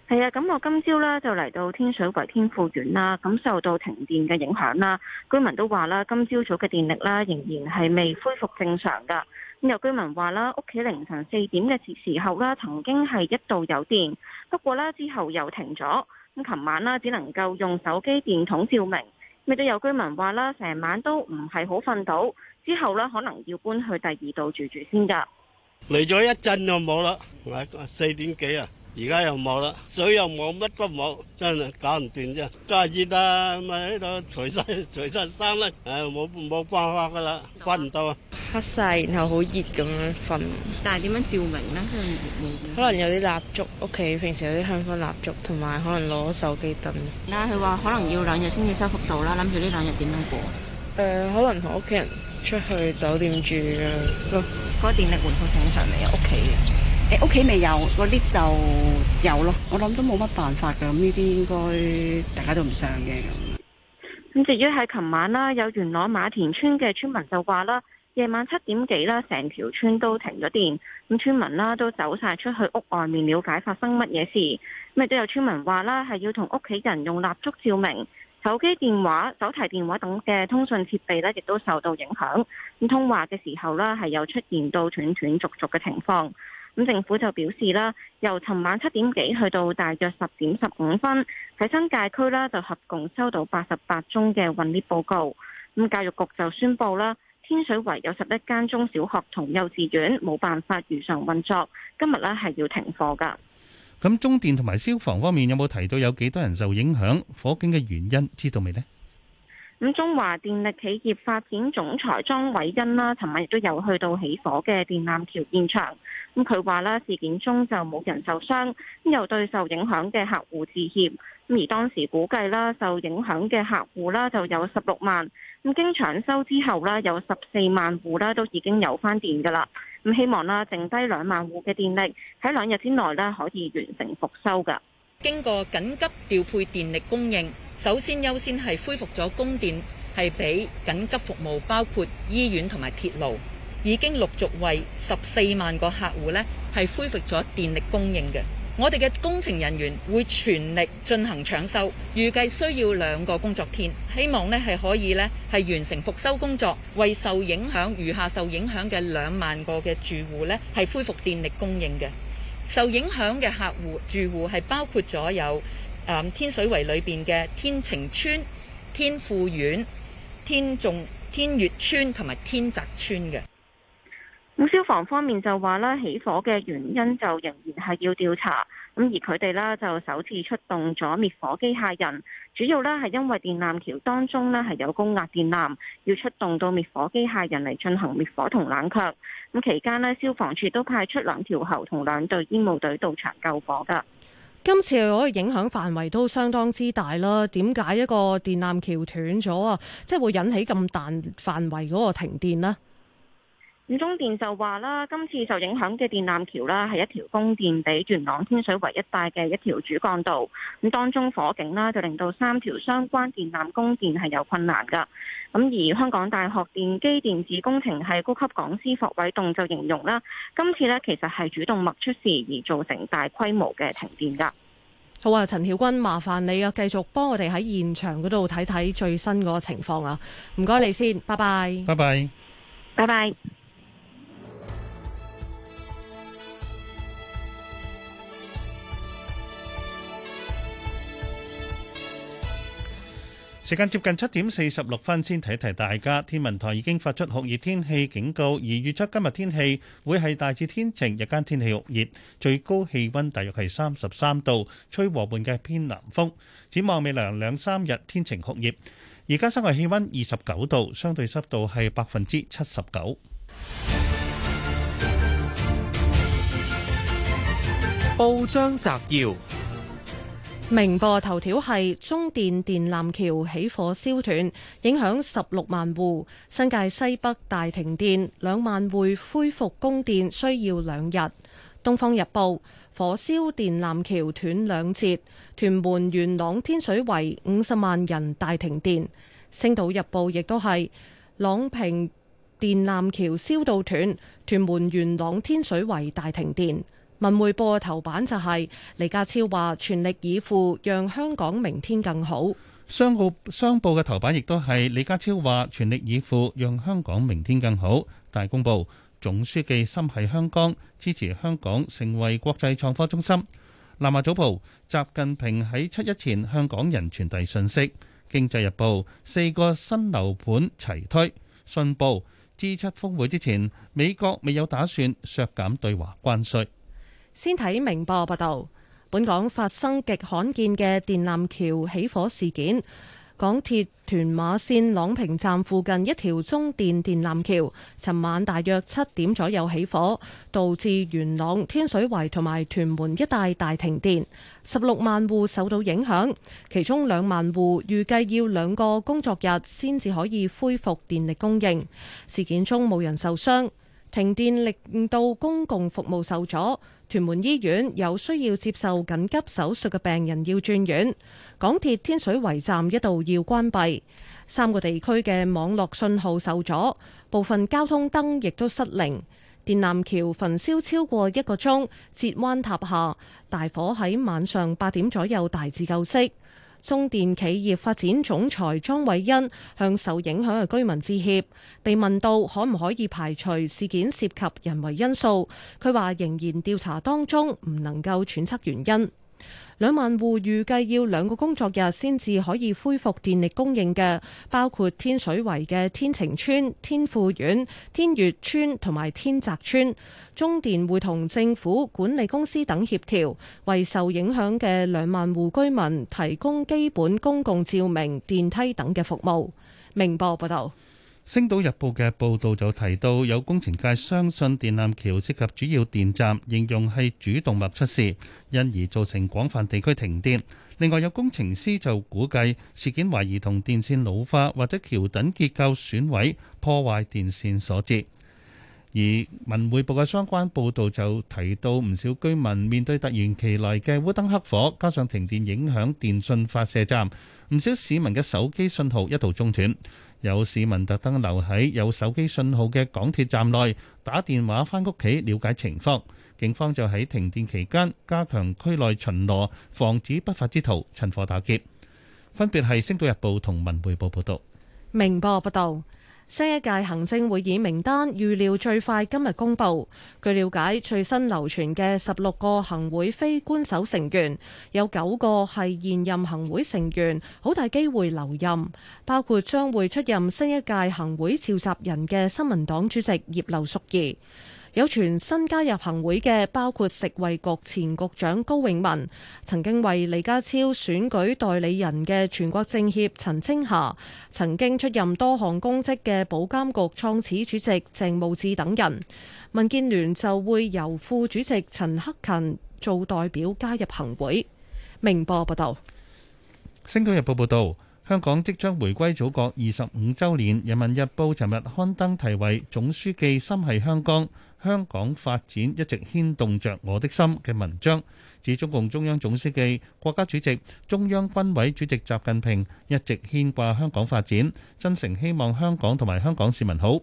係啊，咁我今朝咧就嚟到天水圍天富苑啦，咁受到停電嘅影響啦，居民都話啦，今朝早嘅電力啦仍然係未恢復正常噶。咁有居民話啦，屋企凌晨四點嘅時時候啦，曾經係一度有電，不過啦之後又停咗。咁琴晚啦，只能夠用手機電筒照明。咩都有居民話啦，成晚都唔係好瞓到，之後咧可能要搬去第二度住住先噶。嚟咗一陣就冇啦，四點幾啊。而家又冇啦，水又冇，乜都冇，真係搞唔掂啫！家下只得咪喺度除晒除晒衫啦，唉，冇冇關卡噶啦，關唔到啊！黑晒，然後好熱咁樣瞓，但係點樣照明咧？可能有啲蠟燭，屋企平時有啲香薰蠟燭，同埋可能攞手機燈。嗱，佢話可能要兩日先至恢復到啦，諗住呢兩日點樣過？誒，可能同屋企人出去酒店住啊，個電力恢復正常未啊？屋企嘅。屋企未有嗰啲就有咯，我諗都冇乜辦法噶，咁呢啲應該大家都唔想嘅。咁至於喺琴晚啦，有元朗馬田村嘅村民就話啦，夜晚七點幾啦，成條村都停咗電，咁村民啦都走晒出去屋外面了解發生乜嘢事。咁都有村民話啦，係要同屋企人用蠟燭照明，手機電話、手提電話等嘅通訊設備咧，亦都受到影響。咁通話嘅時候啦，係有出現到斷斷續續嘅情況。咁政府就表示啦，由尋晚七點幾去到大約十點十五分，喺新界區啦就合共收到八十八宗嘅困 𨋢 報告。咁教育局就宣布啦，天水圍有十一間中小學同幼稚園冇辦法如常運作，今日咧係要停課噶。咁中電同埋消防方面有冇提到有幾多人受影響？火警嘅原因知道未咧？咁中華電力企業發展總裁莊偉恩啦，尋晚亦都有去到起火嘅電纜橋現場。咁佢話啦，事件中就冇人受傷，又對受影響嘅客戶致歉。咁而當時估計啦，受影響嘅客戶啦就有十六萬，咁經搶修之後咧，有十四萬戶啦，都已經有翻電噶啦。咁希望啦，剩低兩萬戶嘅電力喺兩日之內咧可以完成復修噶。經過緊急調配電力供應，首先優先係恢復咗供電，係俾緊急服務，包括醫院同埋鐵路，已經陸續為十四萬個客戶咧係恢復咗電力供應嘅。我哋嘅工程人員會全力進行搶修，預計需要兩個工作天，希望咧係可以咧係完成復修工作，為受影響餘下受影響嘅兩萬個嘅住戶咧係恢復電力供應嘅。受影響嘅客戶住戶係包括咗有，誒天水圍裏邊嘅天晴村、天富苑、天仲、天悅村同埋天澤村嘅。咁消防方面就話咧起火嘅原因就仍然係要調查。咁而佢哋咧就首次出動咗滅火機械人，主要咧係因為電纜橋當中呢係有高壓電纜，要出動到滅火機械人嚟進行滅火同冷卻。咁期間咧，消防處都派出兩條喉同兩隊煙霧隊到場救火㗎。今次可以影響範圍都相當之大啦。點解一個電纜橋斷咗啊，即係會引起咁大範圍嗰個停電呢？咁中電就話啦，今次受影響嘅電纜橋啦，係一條供電俾元朗天水圍一帶嘅一條主幹道。咁當中火警啦，就令到三條相關電纜供電係有困難噶。咁而香港大學電機電子工程係高級講師霍偉棟就形容啦，今次呢其實係主動脈出事而造成大規模嘅停電噶。好啊，陳曉君，麻煩你啊，繼續幫我哋喺現場嗰度睇睇最新嗰個情況啊。唔該你先，拜拜，拜拜，拜拜。時間接近七點四十六分，先提提大家。天文台已經發出酷熱天氣警告，而預測今日天氣會係大致天晴，日間天氣酷熱，最高氣溫大約係三十三度，吹和緩嘅偏南風。展望未來兩三日天晴酷熱。而家室外氣溫二十九度，相對濕度係百分之七十九。報章摘要。明報頭條係中電電纜橋起火燒斷，影響十六萬戶；新界西北大停電，兩萬戶恢復供電需要兩日。東方日報：火燒電纜橋斷兩節，屯門元朗天水圍五十萬人大停電。星島日報亦都係朗屏電纜橋燒到斷，屯門元朗天水圍大停電。文匯報嘅頭版就係李家超話全力以赴，讓香港明天更好。商報商報嘅頭版亦都係李家超話全力以赴，讓香港明天更好。大公報，總書記心繫香港，支持香港成為國際創科中心。南華早報，習近平喺七一前向港人傳遞信息。經濟日報，四個新樓盤齊推。信報，G7 峰會之前，美國未有打算削減對華關稅。先睇明報報道，本港發生極罕見嘅電纜橋起火事件。港鐵屯馬綫朗屏站附近一條中電電纜橋，尋晚大約七點左右起火，導致元朗、天水圍同埋屯門一帶大停電，十六萬戶受到影響，其中兩萬戶預計要兩個工作日先至可以恢復電力供應。事件中冇人受傷，停電令到公共服務受阻。屯門醫院有需要接受緊急手術嘅病人要轉院，港鐵天水圍站一度要關閉，三個地區嘅網絡信號受阻，部分交通燈亦都失靈，電纜橋焚燒超過一個鐘，折彎塌下，大火喺晚上八點左右大致救熄。中電企業發展總裁莊偉欣向受影響嘅居民致歉。被問到可唔可以排除事件涉及人為因素，佢話仍然調查當中，唔能夠揣測原因。兩萬戶預計要兩個工作日先至可以恢復電力供應嘅，包括天水圍嘅天晴村、天富苑、天悦村同埋天澤村中電會同政府、管理公司等協調，為受影響嘅兩萬戶居民提供基本公共照明、電梯等嘅服務。明報報道。《星島日報》嘅報道就提到，有工程界相信電纜橋涉及主要電站，形容係主動脈出事，因而造成廣泛地區停電。另外，有工程師就估計事件懷疑同電線老化或者橋墩結構損毀破壞電線所致。而《文匯報》嘅相關報道就提到，唔少居民面對突然其來嘅烏燈黑火，加上停電影響電訊發射站，唔少市民嘅手機信號一度中斷。有市民特登留喺有手機信號嘅港鐵站內打電話翻屋企，了解情況。警方就喺停電期間加強區內巡邏，防止不法之徒趁火打劫。分別係《星島日報》同《文匯報》報道。明報報道。新一屆行政會議名單預料最快今日公布。據了解，最新流傳嘅十六個行會非官守成員，有九個係現任行會成員，好大機會留任，包括將會出任新一屆行會召集人嘅新民黨主席葉劉淑儀。有全新加入行會嘅，包括食衛局前局長高永文，曾經為李家超選舉代理人嘅全國政協陳清霞，曾經出任多項公職嘅保監局創始主席鄭慕智等人。民建聯就會由副主席陳克勤做代表加入行會。明報報道，《星島日報》報道，香港即將回歸祖國二十五周年，《人民日報》尋日刊登題為《總書記心繫香港》。香港發展一直牽動着我的心嘅文章，指中共中央總書記、國家主席、中央軍委主席習近平一直牽掛香港發展，真誠希望香港同埋香港市民好。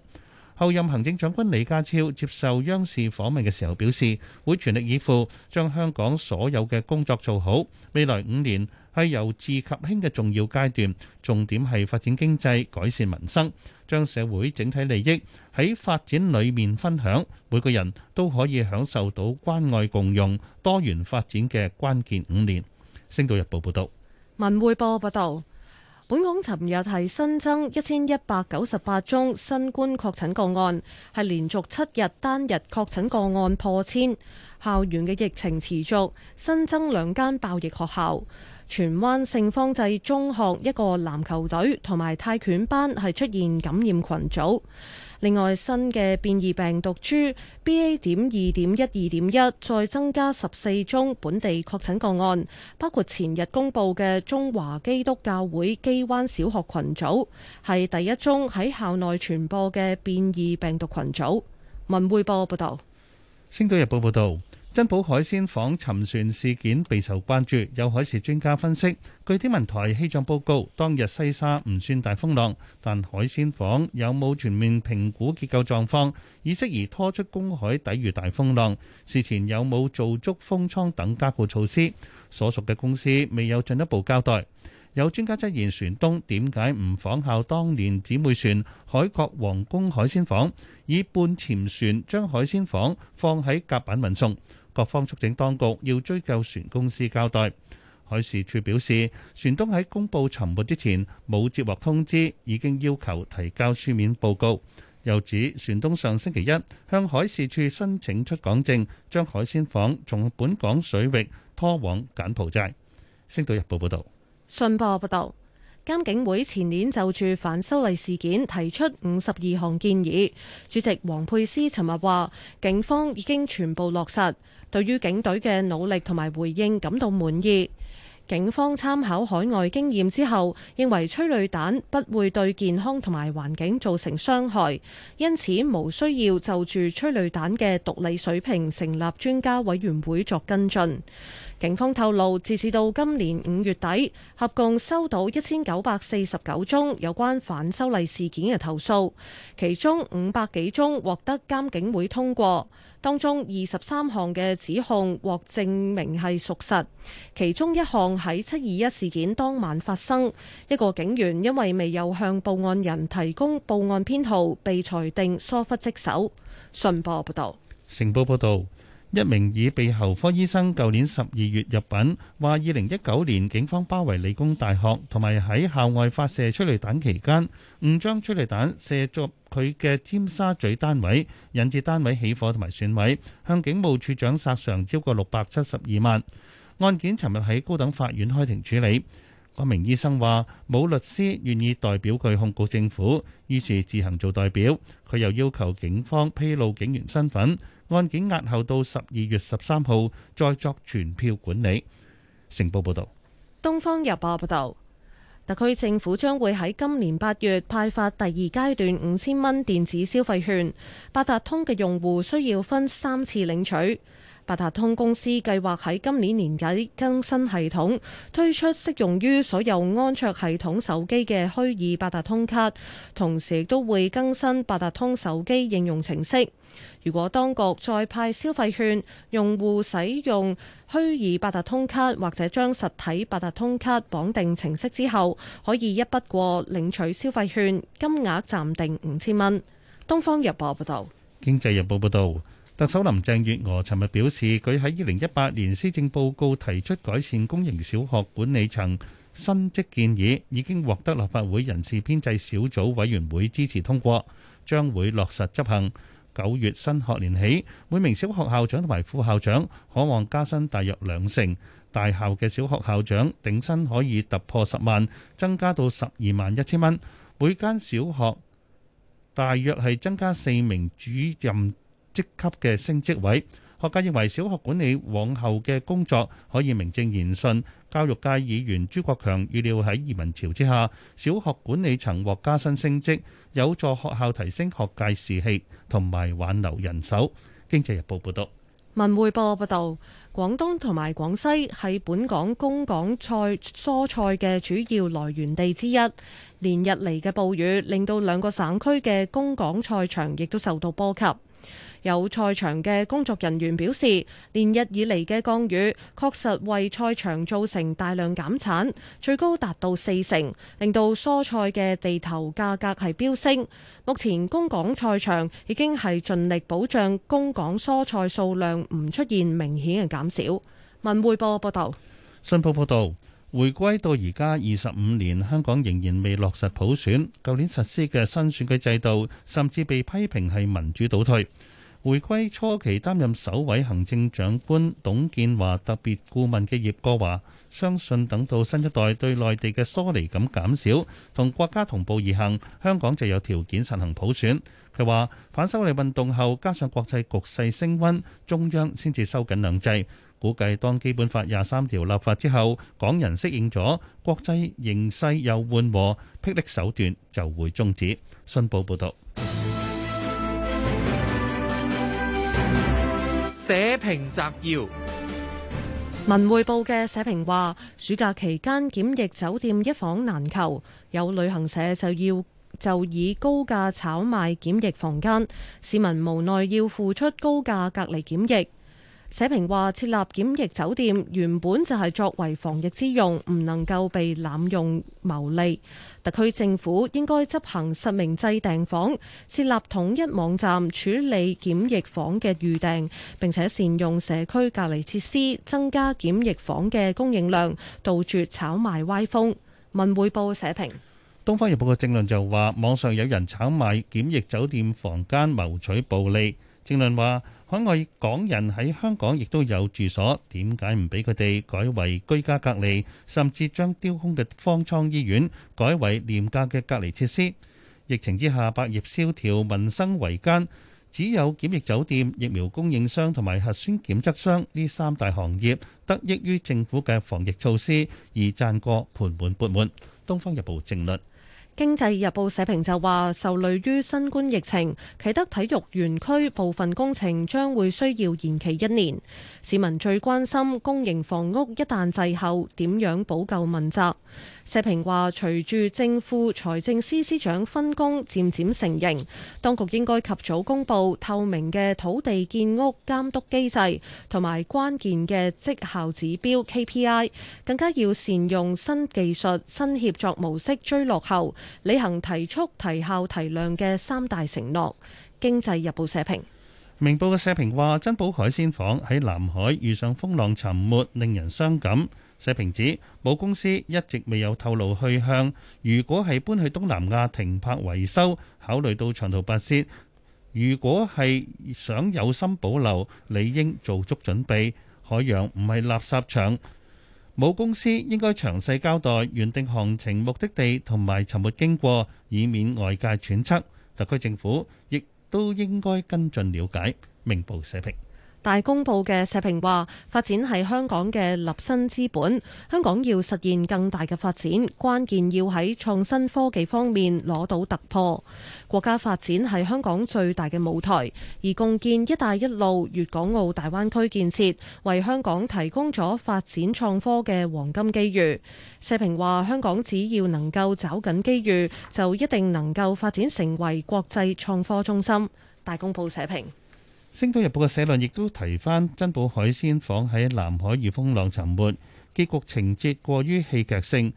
就任行政長官李家超接受央視訪問嘅時候表示，會全力以赴將香港所有嘅工作做好。未來五年係由治及興嘅重要階段，重點係發展經濟、改善民生，將社會整體利益喺發展裡面分享，每個人都可以享受到關愛、共用、多元發展嘅關鍵五年。星島日報報道。文匯報報道。本港尋日係新增一千一百九十八宗新冠確診個案，係連續七日單日確診個案破千。校園嘅疫情持續，新增兩間爆疫學校，荃灣聖芳濟中學一個籃球隊同埋泰拳班係出現感染群組。另外，新嘅變異病毒株 BA. 點二點一二點一，再增加十四宗本地確診個案，包括前日公布嘅中華基督教會基灣小學群組，係第一宗喺校內傳播嘅變異病毒群組。文匯報報導，《星島日報》報道。珍寶海鮮舫沉船事件備受關注，有海事專家分析，據天文台氣象報告，當日西沙唔算大風浪，但海鮮舫有冇全面評估結構狀況，以適宜拖出公海抵禦大風浪？事前有冇做足封倉等加固措施？所屬嘅公司未有進一步交代。有專家質疑船東點解唔仿效當年姊妹船海角皇宮海鮮舫，以半潛船將海鮮舫放喺甲板運送？各方促請當局要追究船公司交代。海事處表示，船東喺公佈沉沒之前冇接獲通知，已經要求提交書面報告。又指船東上星期一向海事處申請出港證，將海鮮舫從本港水域拖往柬埔寨。星島日報報道。信報報導。監警會前年就住反修例事件提出五十二項建議，主席王沛詩尋日話：警方已經全部落實，對於警隊嘅努力同埋回應感到滿意。警方參考海外經驗之後，認為催淚彈不會對健康同埋環境造成傷害，因此無需要就住催淚彈嘅毒理水平成立專家委員會作跟進。警方透露，截至到今年五月底，合共收到一千九百四十九宗有關反修例事件嘅投訴，其中五百幾宗獲得監警會通過，當中二十三項嘅指控獲證明係屬實，其中一項喺七二一事件當晚發生，一個警員因為未有向報案人提供報案編號，被裁定疏忽職守。信報報道。成報報導。一名耳鼻喉科醫生舊年十二月入稟，話二零一九年警方包圍理工大學同埋喺校外發射催淚彈期間，誤將催淚彈射中佢嘅尖沙咀單位，引致單位起火同埋損毀，向警務處長索償超過六百七十二萬。案件尋日喺高等法院開庭處理。嗰名醫生話冇律師願意代表佢控告政府，於是自行做代表。佢又要求警方披露警員身份。案件押後到十二月十三號，再作全票管理。成報報道，東方日報報道，特區政府將會喺今年八月派發第二階段五千蚊電子消費券，八達通嘅用戶需要分三次領取。八達通公司計劃喺今年年底更新系統，推出適用於所有安卓系統手機嘅虛擬八達通卡，同時都會更新八達通手機應用程式。如果當局再派消費券，用戶使用虛擬八達通卡或者將實體八達通卡綁定程式之後，可以一筆過領取消費券，金額暫定五千蚊。東方日報報道，經濟日報報道。特首林鄭月娥尋日表示，佢喺二零一八年施政報告提出改善公營小學管理層薪職建議，已經獲得立法會人事編制小組委員會支持通過，將會落實執行。九月新學年起，每名小學校長同埋副校長可望加薪大約兩成，大校嘅小學校長頂薪可以突破十萬，增加到十二萬一千蚊。每間小學大約係增加四名主任。職級嘅升職位，學界認為小學管理往後嘅工作可以名正言順。教育界議員朱國強預料喺移民潮之下，小學管理層獲加薪升職，有助學校提升學界士氣同埋挽留人手。經濟日報報道。文匯報報道，廣東同埋廣西係本港供港菜蔬菜嘅主要來源地之一。連日嚟嘅暴雨令到兩個省區嘅供港菜場亦都受到波及。有菜場嘅工作人員表示，連日以嚟嘅降雨確實為菜場造成大量減產，最高達到四成，令到蔬菜嘅地頭價格係飆升。目前供港菜場已經係盡力保障供港蔬菜數量唔出現明顯嘅減少。文匯報報道。新報報道，回歸到而家二十五年，香港仍然未落實普選，舊年實施嘅新選舉制度甚至被批評係民主倒退。回歸初期擔任首位行政長官董建華特別顧問嘅葉國華相信，等到新一代對內地嘅疏離感減少，同國家同步而行，香港就有條件實行普選。佢話：反修例運動後，加上國際局勢升温，中央先至收緊兩制。估計當《基本法》廿三條立法之後，港人適應咗，國際形勢又緩和，霹靂手段就會終止。信報報道。社評摘要：文匯報嘅社評話，暑假期間檢疫酒店一房難求，有旅行社就要就以高價炒賣檢疫房間，市民無奈要付出高價隔離檢疫。社評話：設立檢疫酒店原本就係作為防疫之用，唔能夠被濫用牟利。特區政府應該執行實名制訂房，設立統一網站處理檢疫房嘅預訂，並且善用社區隔離設施，增加檢疫房嘅供應量，杜絕炒賣歪風。文匯報社評。《東方日報》嘅政論就話：網上有人炒賣檢疫酒店房間謀取暴利。政論話。海外港人喺香港亦都有住所，點解唔俾佢哋改為居家隔離，甚至將丟空嘅方艙醫院改為廉價嘅隔離設施？疫情之下百業蕭條，民生維艱，只有檢疫酒店、疫苗供應商同埋核酸檢測商呢三大行業得益於政府嘅防疫措施而賺過盆滿缽滿。《東方日報》正論。經濟日報社評就話，受累於新冠疫情，啟德體育園區部分工程將會需要延期一年。市民最關心公營房屋一旦滯後，點樣補救問責？社評話，隨住政府財政司司長分工漸漸成型，當局應該及早公布透明嘅土地建屋監督機制，同埋關鍵嘅績效指標 KPI，更加要善用新技術、新協作模式追落後，履行提速提效提量嘅三大承諾，《經濟日報》社評。《明報》嘅社評話：珍寶海鮮舫喺南海遇上風浪沉沒，令人傷感。社評指，母公司一直未有透露去向。如果係搬去東南亞停泊維修，考慮到長途跋涉；如果係想有心保留，理應做足準備。海洋唔係垃圾場。母公司應該詳細交代原定行程目的地同埋沉沒經過，以免外界揣測。特區政府亦都應該跟進了解，明報社評。大公報嘅社評話：發展係香港嘅立身之本，香港要實現更大嘅發展，關鍵要喺創新科技方面攞到突破。國家發展係香港最大嘅舞台，而共建「一帶一路」粵港澳大灣區建設，為香港提供咗發展創科嘅黃金機遇。社評話：香港只要能夠抓緊機遇，就一定能夠發展成為國際創科中心。大公報社評。《星島日報》嘅社論亦都提翻珍寶海鮮舫喺南海遇風浪沉沒，結局情節過於戲劇性。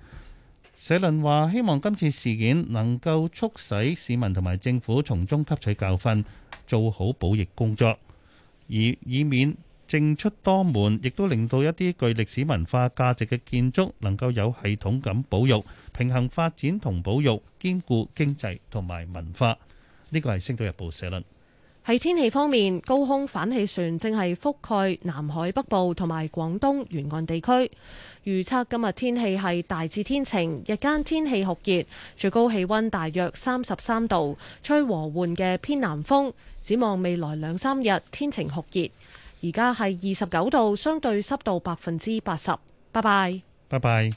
社論話：希望今次事件能夠促使市民同埋政府從中吸取教訓，做好保育工作，以以免政出多門，亦都令到一啲具歷史文化價值嘅建築能夠有系統咁保育，平衡發展同保育，兼顧經濟同埋文化。呢個係《星島日報》社論。喺天氣方面，高空反氣旋正係覆蓋南海北部同埋廣東沿岸地區。預測今日天氣係大致天晴，日間天氣酷熱，最高氣溫大約三十三度，吹和緩嘅偏南風。展望未來兩三日天晴酷熱。而家係二十九度，相對濕度百分之八十。拜拜。拜拜。